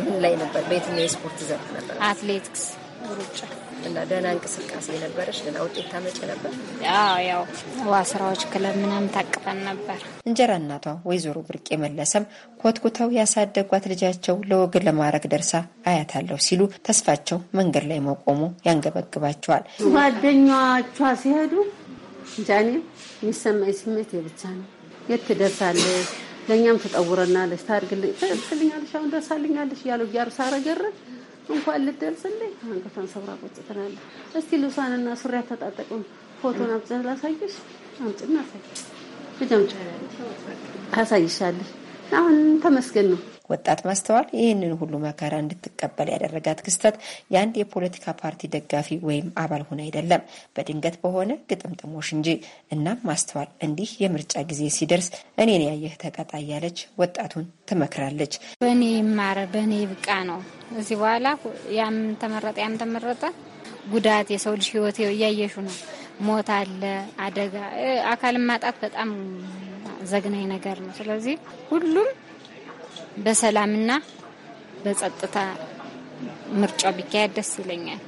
Speaker 9: ምን ላይ ነበር? በየትኛው የስፖርት ዘርፍ ነበር? አትሌቲክስ፣ ሩጫ እና ደህና እንቅስቃሴ ነበረች? ደህና ውጤት ታመጭ ነበር?
Speaker 14: ያው ዋ ስራዎች ክለብ ምናምን ታቅፈን ነበር።
Speaker 9: እንጀራ እናቷ ወይዘሮ ብርቄ መለሰም ኮትኩተው ያሳደጓት ልጃቸው ለወግ ለማድረግ ደርሳ አያታለሁ ሲሉ ተስፋቸው መንገድ ላይ መቆሙ ያንገበግባቸዋል።
Speaker 15: ጓደኛቿ ሲሄዱ እንጃ እኔ የሚሰማኝ ስሜት የብቻ ነው። የት ትደርሳለች? ለእኛም ተጠውረናለች። ታድግልኛለች፣ አሁን ደርሳልኛለች እያሉ እያሉ ሳረገርን እንኳን ልትደርስልኝ አንገቷን ሰብራ ቁጭ ትላለች። እስቲ ልብሷንና ሱሪ አታጣጠቅም ፎቶን አምጪ ላሳይሽ፣ አምጪና አሳይሽ፣ ልጅ
Speaker 9: አሳይሻለሽ። አሁን ተመስገን ነው። ወጣት ማስተዋል ይህንን ሁሉ መከራ እንድትቀበል ያደረጋት ክስተት የአንድ የፖለቲካ ፓርቲ ደጋፊ ወይም አባል ሆነ አይደለም፣ በድንገት በሆነ ግጥምጥሞሽ እንጂ። እናም ማስተዋል እንዲህ የምርጫ ጊዜ ሲደርስ እኔን ያየህ ተቀጣ እያለች ወጣቱን ትመክራለች።
Speaker 14: በእኔ ይማረ በእኔ ይብቃ ነው። እዚህ በኋላ ያም ተመረጠ ያም ተመረጠ ጉዳት የሰው ልጅ ህይወት እያየሹ ነው። ሞት አለ፣ አደጋ፣ አካልን ማጣት በጣም ዘግናኝ ነገር ነው። ስለዚህ ሁሉም በሰላምና በጸጥታ ምርጫው ቢካሄድ ደስ ይለኛል።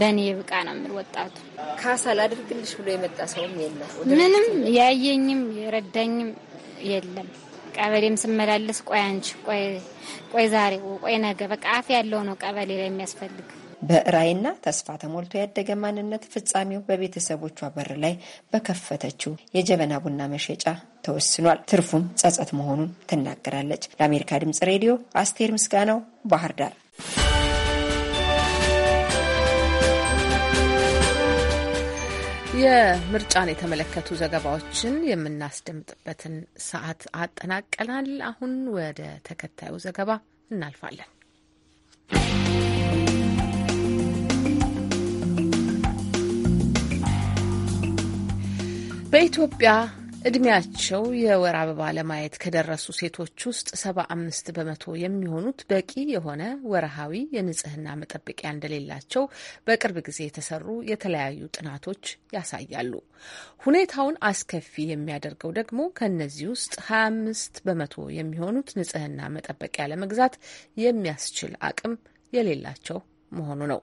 Speaker 14: በእኔ ብቃ
Speaker 9: ነው የምል ወጣቱ ካሳ ላድርግልሽ ብሎ የመጣ ሰውም የለም።
Speaker 14: ምንም ያየኝም የረዳኝም የለም። ቀበሌም ስመላለስ ቆይ አንቺ ቆይ ቆይ ዛሬ ቆይ ነገ በቃ አፍ ያለው ነው ቀበሌ ላይ የሚያስፈልግ
Speaker 9: በራዕይና ተስፋ ተሞልቶ ያደገ ማንነት ፍጻሜው በቤተሰቦቿ በር ላይ በከፈተችው የጀበና ቡና መሸጫ ተወስኗል። ትርፉም ጸጸት መሆኑን ትናገራለች። ለአሜሪካ ድምጽ ሬዲዮ አስቴር ምስጋናው ባህር ዳር። የምርጫን
Speaker 1: የተመለከቱ ዘገባዎችን የምናስደምጥበትን ሰዓት አጠናቀናል። አሁን ወደ ተከታዩ ዘገባ እናልፋለን። በኢትዮጵያ እድሜያቸው የወር አበባ ለማየት ከደረሱ ሴቶች ውስጥ ሰባ አምስት በመቶ የሚሆኑት በቂ የሆነ ወርሃዊ የንጽህና መጠበቂያ እንደሌላቸው በቅርብ ጊዜ የተሰሩ የተለያዩ ጥናቶች ያሳያሉ። ሁኔታውን አስከፊ የሚያደርገው ደግሞ ከእነዚህ ውስጥ ሀያ አምስት በመቶ የሚሆኑት ንጽህና መጠበቂያ ለመግዛት የሚያስችል አቅም የሌላቸው መሆኑ ነው።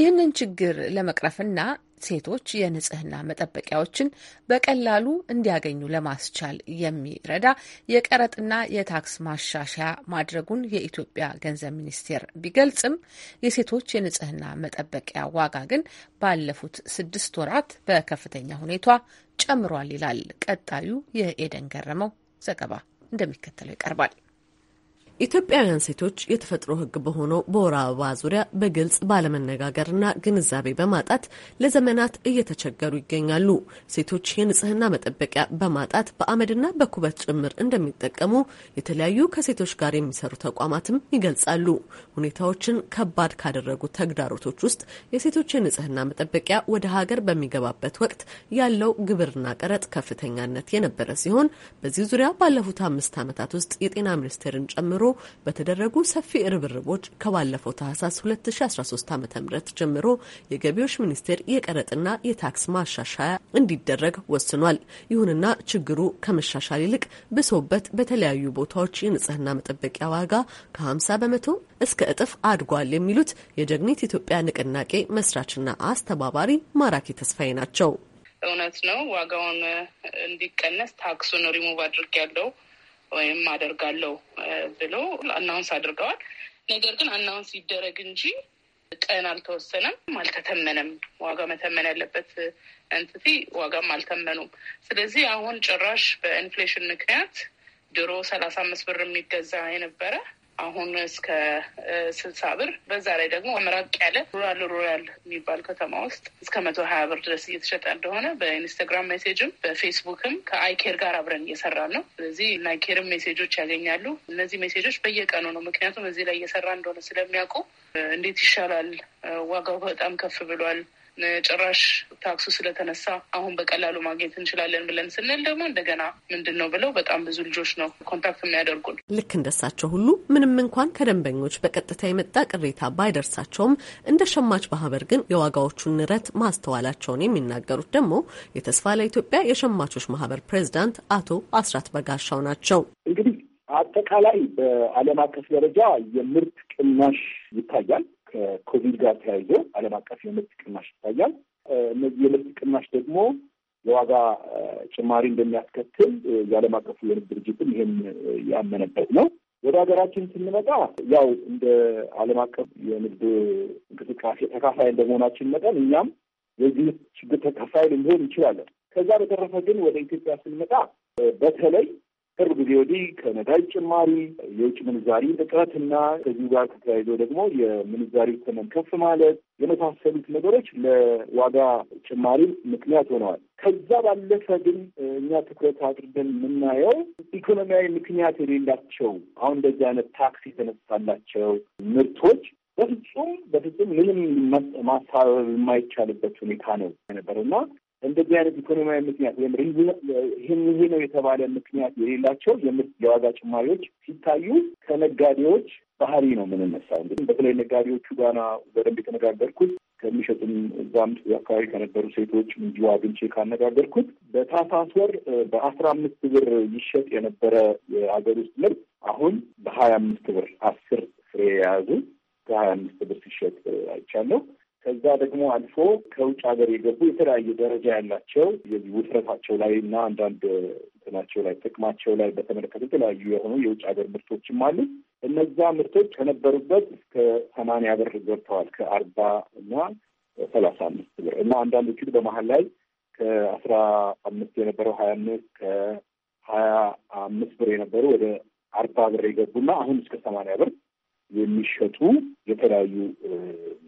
Speaker 1: ይህንን ችግር ለመቅረፍና ሴቶች የንጽህና መጠበቂያዎችን በቀላሉ እንዲያገኙ ለማስቻል የሚረዳ የቀረጥና የታክስ ማሻሻያ ማድረጉን የኢትዮጵያ ገንዘብ ሚኒስቴር ቢገልጽም የሴቶች የንጽህና መጠበቂያ ዋጋ ግን ባለፉት ስድስት ወራት በከፍተኛ ሁኔታ ጨምሯል ይላል ቀጣዩ የኤደን ገረመው ዘገባ እንደሚከተለው
Speaker 16: ይቀርባል። ኢትዮጵያውያን ሴቶች የተፈጥሮ ሕግ በሆነው በወር አበባ ዙሪያ በግልጽ ባለመነጋገርና ግንዛቤ በማጣት ለዘመናት እየተቸገሩ ይገኛሉ። ሴቶች የንጽህና መጠበቂያ በማጣት በአመድና በኩበት ጭምር እንደሚጠቀሙ የተለያዩ ከሴቶች ጋር የሚሰሩ ተቋማትም ይገልጻሉ። ሁኔታዎችን ከባድ ካደረጉ ተግዳሮቶች ውስጥ የሴቶች የንጽህና መጠበቂያ ወደ ሀገር በሚገባበት ወቅት ያለው ግብርና ቀረጥ ከፍተኛነት የነበረ ሲሆን በዚህ ዙሪያ ባለፉት አምስት ዓመታት ውስጥ የጤና ሚኒስቴርን ጨምሮ በተደረጉ ሰፊ ርብርቦች ከባለፈው ታህሳስ 2013 ዓ ም ጀምሮ የገቢዎች ሚኒስቴር የቀረጥና የታክስ ማሻሻያ እንዲደረግ ወስኗል። ይሁንና ችግሩ ከመሻሻል ይልቅ ብሶበት በተለያዩ ቦታዎች የንጽህና መጠበቂያ ዋጋ ከ50 በመቶ እስከ እጥፍ አድጓል የሚሉት የጀግኒት ኢትዮጵያ ንቅናቄ መስራችና አስተባባሪ ማራኪ ተስፋዬ ናቸው።
Speaker 17: እውነት ነው። ዋጋውን እንዲቀነስ ታክሱን ሪሙቭ አድርግ ያለው ወይም አደርጋለሁ ብሎ አናውንስ አድርገዋል። ነገር ግን አናውንስ ይደረግ እንጂ ቀን አልተወሰነም፣ አልተተመነም። ዋጋ መተመን ያለበት እንትቲ ዋጋም አልተመኑም። ስለዚህ አሁን ጭራሽ በኢንፍሌሽን ምክንያት ድሮ ሰላሳ አምስት ብር የሚገዛ የነበረ አሁን እስከ ስልሳ ብር በዛ ላይ ደግሞ መራቅ ያለ ሩራል ሩራል የሚባል ከተማ ውስጥ እስከ መቶ ሀያ ብር ድረስ እየተሸጠ እንደሆነ በኢንስታግራም ሜሴጅም በፌስቡክም ከአይኬር ጋር አብረን እየሰራን ነው። ስለዚህ ናይኬርም ሜሴጆች ያገኛሉ። እነዚህ ሜሴጆች በየቀኑ ነው። ምክንያቱም እዚህ ላይ እየሰራ እንደሆነ ስለሚያውቁ እንዴት ይሻላል፣ ዋጋው በጣም ከፍ ብሏል ጭራሽ ታክሱ ስለተነሳ አሁን በቀላሉ ማግኘት እንችላለን ብለን ስንል ደግሞ እንደገና ምንድን ነው ብለው በጣም ብዙ ልጆች ነው ኮንታክት የሚያደርጉን።
Speaker 16: ልክ እንደሳቸው ሁሉ ምንም እንኳን ከደንበኞች በቀጥታ የመጣ ቅሬታ ባይደርሳቸውም እንደ ሸማች ማህበር ግን የዋጋዎቹን ንረት ማስተዋላቸውን የሚናገሩት ደግሞ የተስፋ ለኢትዮጵያ የሸማቾች ማህበር ፕሬዚዳንት አቶ አስራት በጋሻው ናቸው። እንግዲህ
Speaker 7: አጠቃላይ በዓለም አቀፍ ደረጃ የምርት ቅናሽ ይታያል። ከኮቪድ ጋር ተያይዞ ዓለም አቀፍ የምርት ቅናሽ ይታያል። እነዚህ የምርት ቅናሽ ደግሞ የዋጋ ጭማሪ እንደሚያስከትል የዓለም አቀፉ የንግድ ድርጅትም ይህም ያመነበት ነው። ወደ ሀገራችን ስንመጣ ያው እንደ ዓለም አቀፍ የንግድ እንቅስቃሴ ተካፋይ እንደመሆናችን መጠን እኛም የዚህ ችግር ተካፋይ ልንሆን እንችላለን። ከዛ በተረፈ ግን ወደ ኢትዮጵያ ስንመጣ በተለይ ቅርብ ጊዜ ወዲህ ከነዳጅ ጭማሪ፣ የውጭ ምንዛሪ እጥረትና ከዚሁ ጋር ተያይዞ ደግሞ የምንዛሪ ተመን ከፍ ማለት የመሳሰሉት ነገሮች ለዋጋ ጭማሪ ምክንያት ሆነዋል። ከዛ ባለፈ ግን እኛ ትኩረት አድርገን የምናየው ኢኮኖሚያዊ ምክንያት የሌላቸው አሁን እንደዚህ አይነት ታክስ የተነሳላቸው ምርቶች በፍጹም በፍጹም ምንም ማሳበብ የማይቻልበት ሁኔታ ነው የነበረው እና እንደዚህ አይነት ኢኮኖሚያዊ ምክንያት ወይም ይህን ይሄ ነው የተባለ ምክንያት የሌላቸው የምርት የዋጋ ጭማሪዎች ሲታዩ ከነጋዴዎች ባህሪ ነው የምንነሳው። እንግዲህ በተለይ ነጋዴዎቹ ጋና በደንብ የተነጋገርኩት ከሚሸጡም እዛም አካባቢ ከነበሩ ሴቶች እንዲሁ አግኝቼ ካነጋገርኩት በታህሳስ ወር በአስራ አምስት ብር ይሸጥ የነበረ የሀገር ውስጥ ምርት አሁን በሀያ አምስት ብር አስር ፍሬ የያዙ ከሀያ አምስት ብር ሲሸጥ አይቻለሁ። ከዛ ደግሞ አልፎ ከውጭ ሀገር የገቡ የተለያየ ደረጃ ያላቸው የዚህ ውፍረታቸው ላይ እና አንዳንድ እንትናቸው ላይ ጥቅማቸው ላይ በተመለከተ የተለያዩ የሆኑ የውጭ ሀገር ምርቶችም አሉ። እነዛ ምርቶች ከነበሩበት እስከ ሰማንያ ብር ገብተዋል። ከአርባ እና ሰላሳ አምስት ብር እና አንዳንዶቹ በመሀል ላይ ከአስራ አምስት የነበረው ሀያ አምስት ከሀያ አምስት ብር የነበሩ ወደ አርባ ብር የገቡና አሁን እስከ ሰማንያ ብር የሚሸጡ የተለያዩ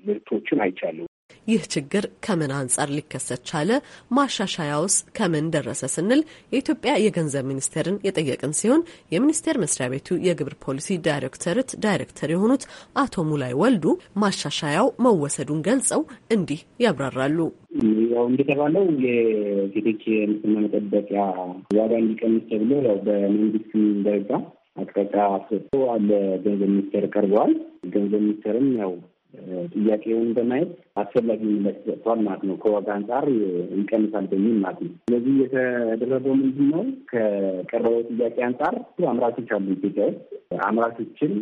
Speaker 16: ምርቶችን አይቻለሁ። ይህ ችግር ከምን አንጻር ሊከሰት ቻለ? ማሻሻያውስ ከምን ደረሰ ስንል የኢትዮጵያ የገንዘብ ሚኒስቴርን የጠየቅን ሲሆን የሚኒስቴር መስሪያ ቤቱ የግብር ፖሊሲ ዳይሬክተርት ዳይሬክተር የሆኑት አቶ ሙላይ ወልዱ ማሻሻያው መወሰዱን ገልጸው እንዲህ ያብራራሉ።
Speaker 7: ያው እንደተባለው የሴቶች የንጽህና መጠበቂያ ዋጋ እንዲቀንስ ተብሎ ያው በመንግስት ደረጃ አቅጣጫ ሰጥቶ ለገንዘብ ሚኒስቴር ቀርበዋል። ገንዘብ ሚኒስቴርም ያው ጥያቄውን በማየት አስፈላጊ ምላሽ ሰጥቷል ማለት ነው። ከዋጋ አንጻር ይቀንሳል በሚል ማለት ነው። ስለዚህ የተደረገው ምንድን ነው? ከቀረበው ጥያቄ አንጻር አምራቾች አሉ ኢትዮጵያ ውስጥ አምራቾችን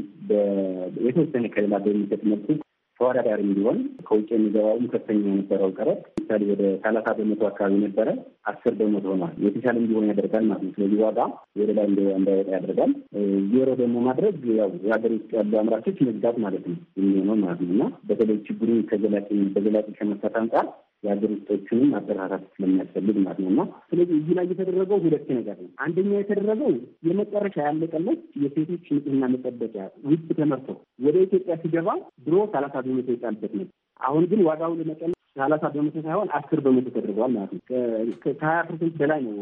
Speaker 7: የተወሰነ ከሌላ በሚሰጥ መልኩ ተወዳዳሪ እንዲሆን ከውጭ የሚገባውም ከፍተኛ የነበረው ቀረጥ ምሳሌ ወደ ሰላሳ በመቶ አካባቢ ነበረ፣ አስር በመቶ ሆኗል። የተሻለ እንዲሆን ያደርጋል ማለት ነው። ስለዚህ ዋጋ ወደ ላይ እንዳይወጣ ያደርጋል። ዜሮ ደግሞ ማድረግ ያው የሀገር ውስጥ ያሉ አምራቾች መግዛት ማለት ነው የሚሆነው ማለት ነው እና በተለይ ችግሩን ከዘላቂ በዘላቂ ከመፍታት አንጻር የሀገር ውስጦቹንም ማበረታታት ስለሚያስፈልግ ማለት ነው እና ስለዚህ እዚህ ላይ የተደረገው ሁለት ነገር ነው። አንደኛ የተደረገው የመጨረሻ ያለቀለች የሴቶች ንጽህና መጠበቂያ ውስጥ ተመርቶ ወደ ኢትዮጵያ ሲገባ ድሮ ሰላሳ በመቶ የጣልበት ነው። አሁን ግን ዋጋው ለመቀለ ሰላሳ በመቶ ሳይሆን አስር በመቶ ተደርገዋል ማለት ነው። ከሀያ ፐርሰንት በላይ ነው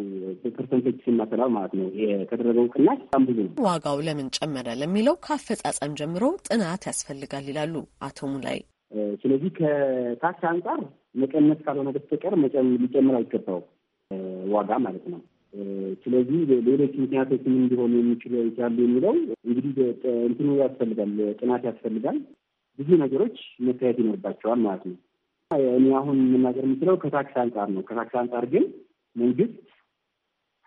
Speaker 7: ፐርሰንቶች ሲማሰላል ማለት ነው። የተደረገው ቅናሽ በጣም ብዙ ነው።
Speaker 16: ዋጋው ለምን ጨመረ ለሚለው ከአፈጻጸም ጀምሮ ጥናት ያስፈልጋል ይላሉ አቶ ሙላይ።
Speaker 7: ስለዚህ ከታክስ አንጻር መቀነስ ካልሆነ በስተቀር ሊጨምር አይገባው ዋጋ ማለት ነው። ስለዚህ ሌሎች ምክንያቶች ምን እንዲሆኑ የሚችሉ ያሉ የሚለው እንግዲህ እንትኑ ያስፈልጋል፣ ጥናት ያስፈልጋል። ብዙ ነገሮች መታየት ይኖርባቸዋል ማለት ነው። እኔ አሁን የምናገር የምችለው ከታክስ አንጻር ነው። ከታክስ አንጻር ግን መንግስት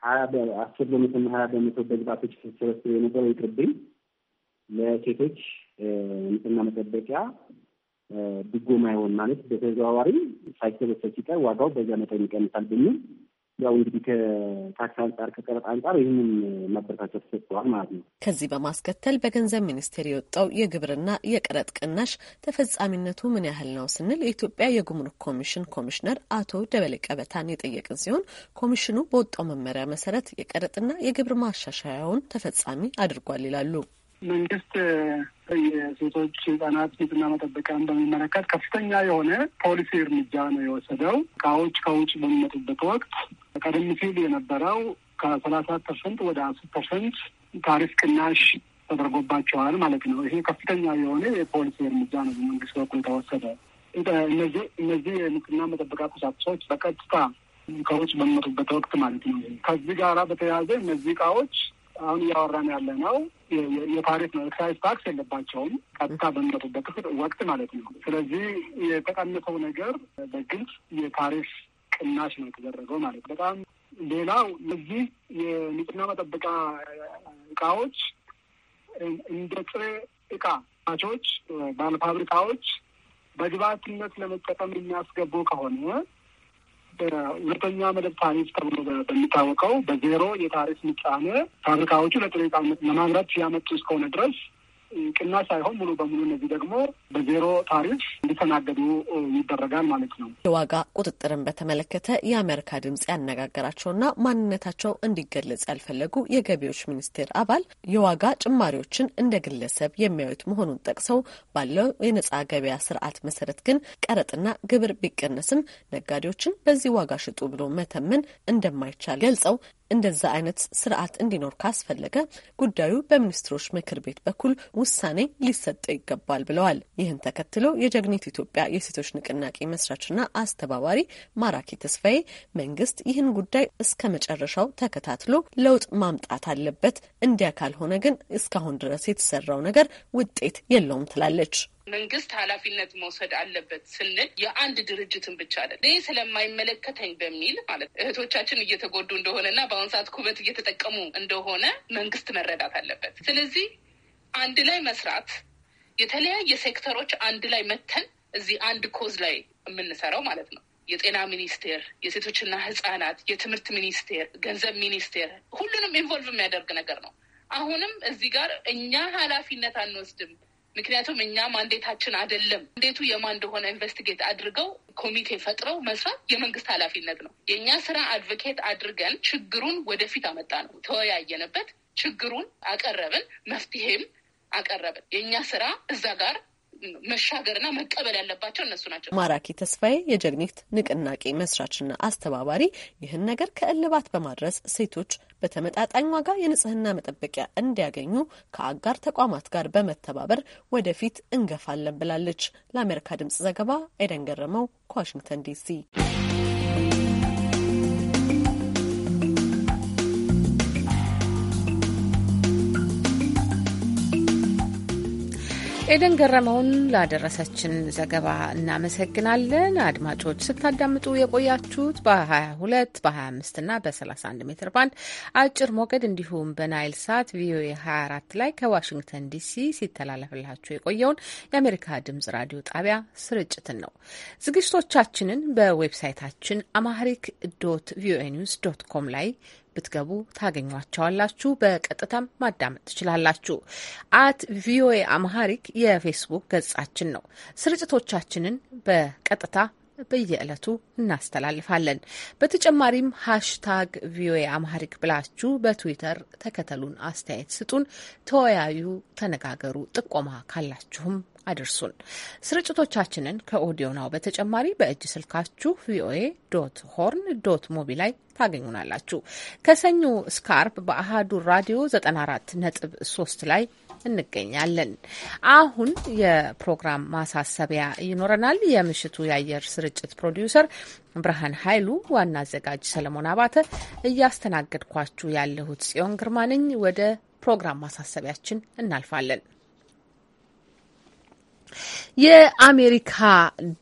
Speaker 7: ሀያ በመቶ በመቶና ሀያ በመቶ በግባቶች ተሰበስበ የነበረው ይቅርብኝ ለሴቶች ንጽህና መጠበቂያ ድጎማ ይሆን ማለት በተዘዋዋሪ ሳይሰበሰብ ሲቀር ዋጋው በዚያ መጠን ይቀንሳል ብንል ያው እንግዲህ ከታክስ አንጻር ከቀረጥ አንጻር ይህንን መበረታቸው ተሰጥተዋል ማለት ነው።
Speaker 16: ከዚህ በማስከተል በገንዘብ ሚኒስቴር የወጣው የግብርና የቀረጥ ቅናሽ ተፈጻሚነቱ ምን ያህል ነው ስንል የኢትዮጵያ የጉምሩክ ኮሚሽን ኮሚሽነር አቶ ደበሌ ቀበታን የጠየቅን ሲሆን ኮሚሽኑ በወጣው መመሪያ መሰረት የቀረጥና የግብር ማሻሻያውን ተፈጻሚ አድርጓል ይላሉ።
Speaker 5: መንግስት የሴቶች ህጻናት ንጽህና መጠበቂያን በሚመለከት ከፍተኛ የሆነ ፖሊሲ እርምጃ ነው የወሰደው። እቃዎች ከውጭ በሚመጡበት ወቅት ቀደም ሲል የነበረው ከሰላሳ ፐርሰንት ወደ አስር ፐርሰንት ታሪፍ ቅናሽ ተደርጎባቸዋል ማለት ነው። ይሄ ከፍተኛ የሆነ የፖሊሲ እርምጃ ነው በመንግስት በኩል የተወሰደ። እነዚህ እነዚህ የንጽህና መጠበቂያ ቁሳቁሶች በቀጥታ እቃዎች በሚመጡበት ወቅት ማለት ነው። ከዚህ ጋራ በተያያዘ እነዚህ እቃዎች አሁን እያወራን ያለ ነው የታሪፍ ነው። ኤክሳይዝ ታክስ የለባቸውም ቀጥታ በሚመጡበት ክፍል ወቅት ማለት ነው። ስለዚህ የተቀንፈው ነገር በግልጽ የታሪፍ ቅናሽ ነው የተደረገው ማለት ነው። በጣም ሌላው እዚህ የንጽህና መጠበቂያ እቃዎች እንደ ጥሬ እቃ ቻዎች ባለፋብሪካዎች በግብአትነት ለመጠቀም የሚያስገቡ ከሆነ ሁለተኛ መደብ ታሪፍ ተብሎ በሚታወቀው በዜሮ የታሪፍ ምጣኔ ፋብሪካዎቹ ለጥሬ ዕቃነት ለማምረት ያመጡ እስከሆነ ድረስ ቅናሽ ሳይሆን ሙሉ በሙሉ እነዚህ ደግሞ በዜሮ ታሪፍ እንዲተናገዱ ይደረጋል ማለት ነው።
Speaker 16: የዋጋ ቁጥጥርን በተመለከተ የአሜሪካ ድምጽ ያነጋገራቸውና ማንነታቸው እንዲገለጽ ያልፈለጉ የገቢዎች ሚኒስቴር አባል የዋጋ ጭማሪዎችን እንደ ግለሰብ የሚያዩት መሆኑን ጠቅሰው ባለው የነጻ ገበያ ስርዓት መሰረት ግን ቀረጥና ግብር ቢቀነስም ነጋዴዎችን በዚህ ዋጋ ሽጡ ብሎ መተመን እንደማይቻል ገልጸው እንደዛ አይነት ስርዓት እንዲኖር ካስፈለገ ጉዳዩ በሚኒስትሮች ምክር ቤት በኩል ውሳኔ ሊሰጠ ይገባል ብለዋል። ይህን ተከትሎ የጀግኒት ኢትዮጵያ የሴቶች ንቅናቄ መስራችና አስተባባሪ ማራኪ ተስፋዬ መንግስት ይህን ጉዳይ እስከ መጨረሻው ተከታትሎ ለውጥ ማምጣት አለበት፣ እንዲያ ካልሆነ ግን እስካሁን ድረስ የተሰራው ነገር ውጤት የለውም ትላለች።
Speaker 17: መንግስት ኃላፊነት መውሰድ አለበት ስንል የአንድ ድርጅትን ብቻ አለን። ይህ ስለማይመለከተኝ በሚል ማለት እህቶቻችን እየተጎዱ እንደሆነና በአሁኑ ሰዓት ኩበት እየተጠቀሙ እንደሆነ መንግስት መረዳት አለበት። ስለዚህ አንድ ላይ መስራት የተለያየ ሴክተሮች አንድ ላይ መተን እዚህ አንድ ኮዝ ላይ የምንሰራው ማለት ነው። የጤና ሚኒስቴር፣ የሴቶችና ህጻናት፣ የትምህርት ሚኒስቴር፣ ገንዘብ ሚኒስቴር ሁሉንም ኢንቮልቭ የሚያደርግ ነገር ነው። አሁንም እዚህ ጋር እኛ ኃላፊነት አንወስድም ምክንያቱም እኛ ማንዴታችን አይደለም እንዴቱ የማ እንደሆነ ኢንቨስቲጌት አድርገው ኮሚቴ ፈጥረው መስራት የመንግስት ኃላፊነት ነው። የእኛ ስራ አድቮኬት አድርገን ችግሩን ወደፊት አመጣ ነው። ተወያየንበት፣ ችግሩን አቀረብን፣ መፍትሄም አቀረብን። የእኛ ስራ እዛ ጋር መሻገርና መቀበል ያለባቸው እነሱ ናቸው። ማራኪ
Speaker 16: ተስፋዬ የጀግኒት ንቅናቄ መስራችና አስተባባሪ፣ ይህን ነገር ከእልባት በማድረስ ሴቶች በተመጣጣኝ ዋጋ የንጽህና መጠበቂያ እንዲያገኙ ከአጋር ተቋማት ጋር በመተባበር ወደፊት እንገፋለን ብላለች። ለአሜሪካ ድምጽ ዘገባ ኤደን ገረመው ከዋሽንግተን ዲሲ
Speaker 1: ኤደን ገረመውን ላደረሰችን ዘገባ እናመሰግናለን። አድማጮች ስታዳምጡ የቆያችሁት በ22 በ25 እና በ31 ሜትር ባንድ አጭር ሞገድ እንዲሁም በናይል ሳት ቪኦኤ 24 ላይ ከዋሽንግተን ዲሲ ሲተላለፍላችሁ የቆየውን የአሜሪካ ድምጽ ራዲዮ ጣቢያ ስርጭትን ነው። ዝግጅቶቻችንን በዌብሳይታችን አማሪክ ዶት ቪኦኤ ኒውስ ዶት ኮም ላይ ብትገቡ ታገኟቸዋላችሁ። በቀጥታም ማዳመጥ ትችላላችሁ። አት ቪኦኤ አምሃሪክ የፌስቡክ ገጻችን ነው። ስርጭቶቻችንን በቀጥታ በየዕለቱ እናስተላልፋለን። በተጨማሪም ሃሽታግ ቪኦኤ አምሃሪክ ብላችሁ በትዊተር ተከተሉን፣ አስተያየት ስጡን፣ ተወያዩ፣ ተነጋገሩ። ጥቆማ ካላችሁም አድርሱን። ስርጭቶቻችንን ከኦዲዮ ናው በተጨማሪ በእጅ ስልካችሁ ቪኦኤ ዶት ሆርን ዶት ሞቢ ላይ ታገኙናላችሁ። ከሰኞ እስከ አርብ በአሃዱ ራዲዮ 94 ነጥብ 3 ላይ እንገኛለን። አሁን የፕሮግራም ማሳሰቢያ ይኖረናል። የምሽቱ የአየር ስርጭት ፕሮዲውሰር ብርሃን ኃይሉ፣ ዋና አዘጋጅ ሰለሞን አባተ፣ እያስተናገድኳችሁ ያለሁት ጽዮን ግርማ ነኝ። ወደ ፕሮግራም ማሳሰቢያችን እናልፋለን። የአሜሪካ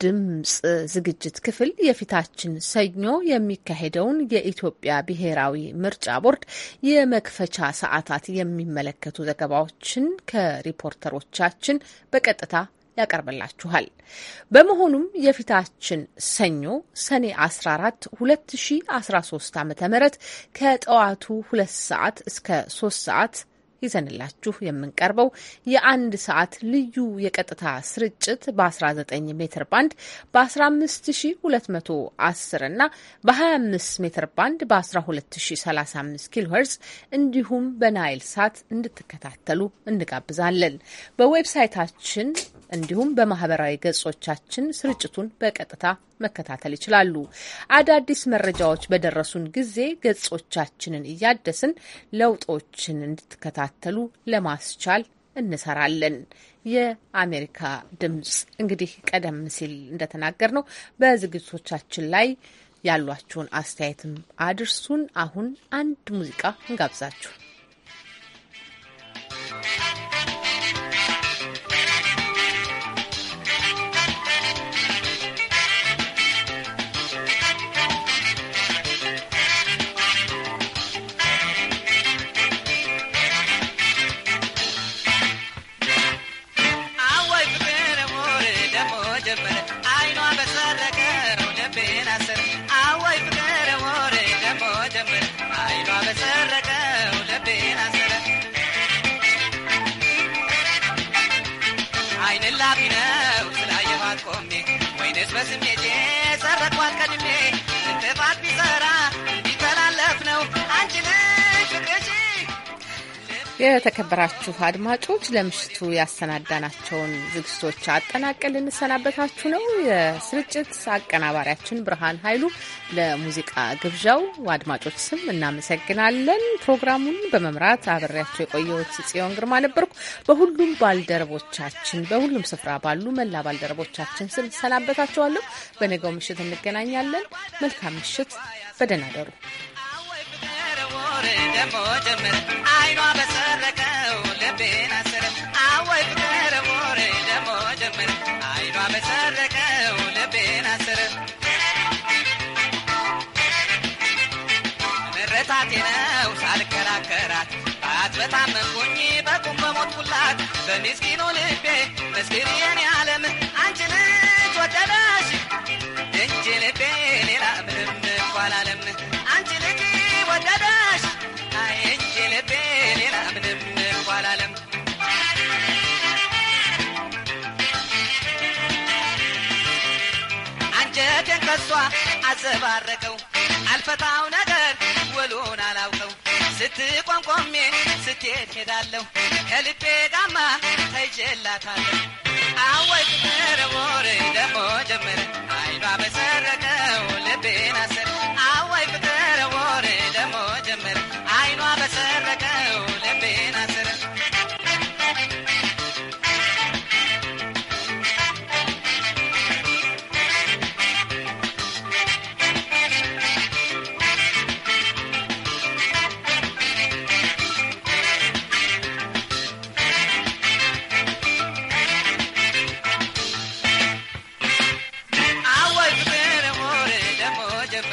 Speaker 1: ድምጽ ዝግጅት ክፍል የፊታችን ሰኞ የሚካሄደውን የኢትዮጵያ ብሔራዊ ምርጫ ቦርድ የመክፈቻ ሰዓታት የሚመለከቱ ዘገባዎችን ከሪፖርተሮቻችን በቀጥታ ያቀርብላችኋል። በመሆኑም የፊታችን ሰኞ ሰኔ 14 2013 ዓ ም ከጠዋቱ ሁለት ሰዓት እስከ ሶስት ሰዓት ይዘንላችሁ የምንቀርበው የአንድ ሰዓት ልዩ የቀጥታ ስርጭት በ19 ሜትር ባንድ በ15210 እና በ25 ሜትር ባንድ በ12035 ኪሎ ሄርዝ እንዲሁም በናይል ሳት እንድትከታተሉ እንጋብዛለን። በዌብሳይታችን እንዲሁም በማህበራዊ ገጾቻችን ስርጭቱን በቀጥታ መከታተል ይችላሉ። አዳዲስ መረጃዎች በደረሱን ጊዜ ገጾቻችንን እያደስን ለውጦችን እንድትከታተሉ እንዲከታተሉ ለማስቻል እንሰራለን። የአሜሪካ ድምጽ እንግዲህ ቀደም ሲል እንደተናገር ነው በዝግጅቶቻችን ላይ ያሏችሁን አስተያየትም አድርሱን። አሁን አንድ ሙዚቃ እንጋብዛችሁ። የተከበራችሁ አድማጮች ለምሽቱ ያሰናዳናቸውን ዝግጅቶች አጠናቀን ልንሰናበታችሁ ነው። የስርጭት አቀናባሪያችን ብርሃን ኃይሉ ለሙዚቃ ግብዣው አድማጮች ስም እናመሰግናለን። ፕሮግራሙን በመምራት አብሬያቸው የቆየሁት ጽዮን ግርማ ነበርኩ። በሁሉም ባልደረቦቻችን በሁሉም ስፍራ ባሉ መላ ባልደረቦቻችን ስም ሰናበታችኋለሁ። በነገው ምሽት እንገናኛለን። መልካም ምሽት። በደህና ደሩ።
Speaker 18: በምስኪኑ ልቤ መስክሪ የኔ ዓለም አንቺ ልጅ ወደደሽ እንጂ ልቤ ሌላ ምንም እኮ አላለም። አንቺ ልጅ ወደደሽ እንጂ ልቤ ሌላ ምንም እኮ አንጀቴን ከሷ አዘባረቀው አልፈታው ነገር ትቆምቆሜ ስትሄድ ሄዳለሁ ከልቤ ጋማ ተይዤላታለሁ። አወይ ቀረቦሬ ደግሞ ጀመረ አይኗ በሰረቀው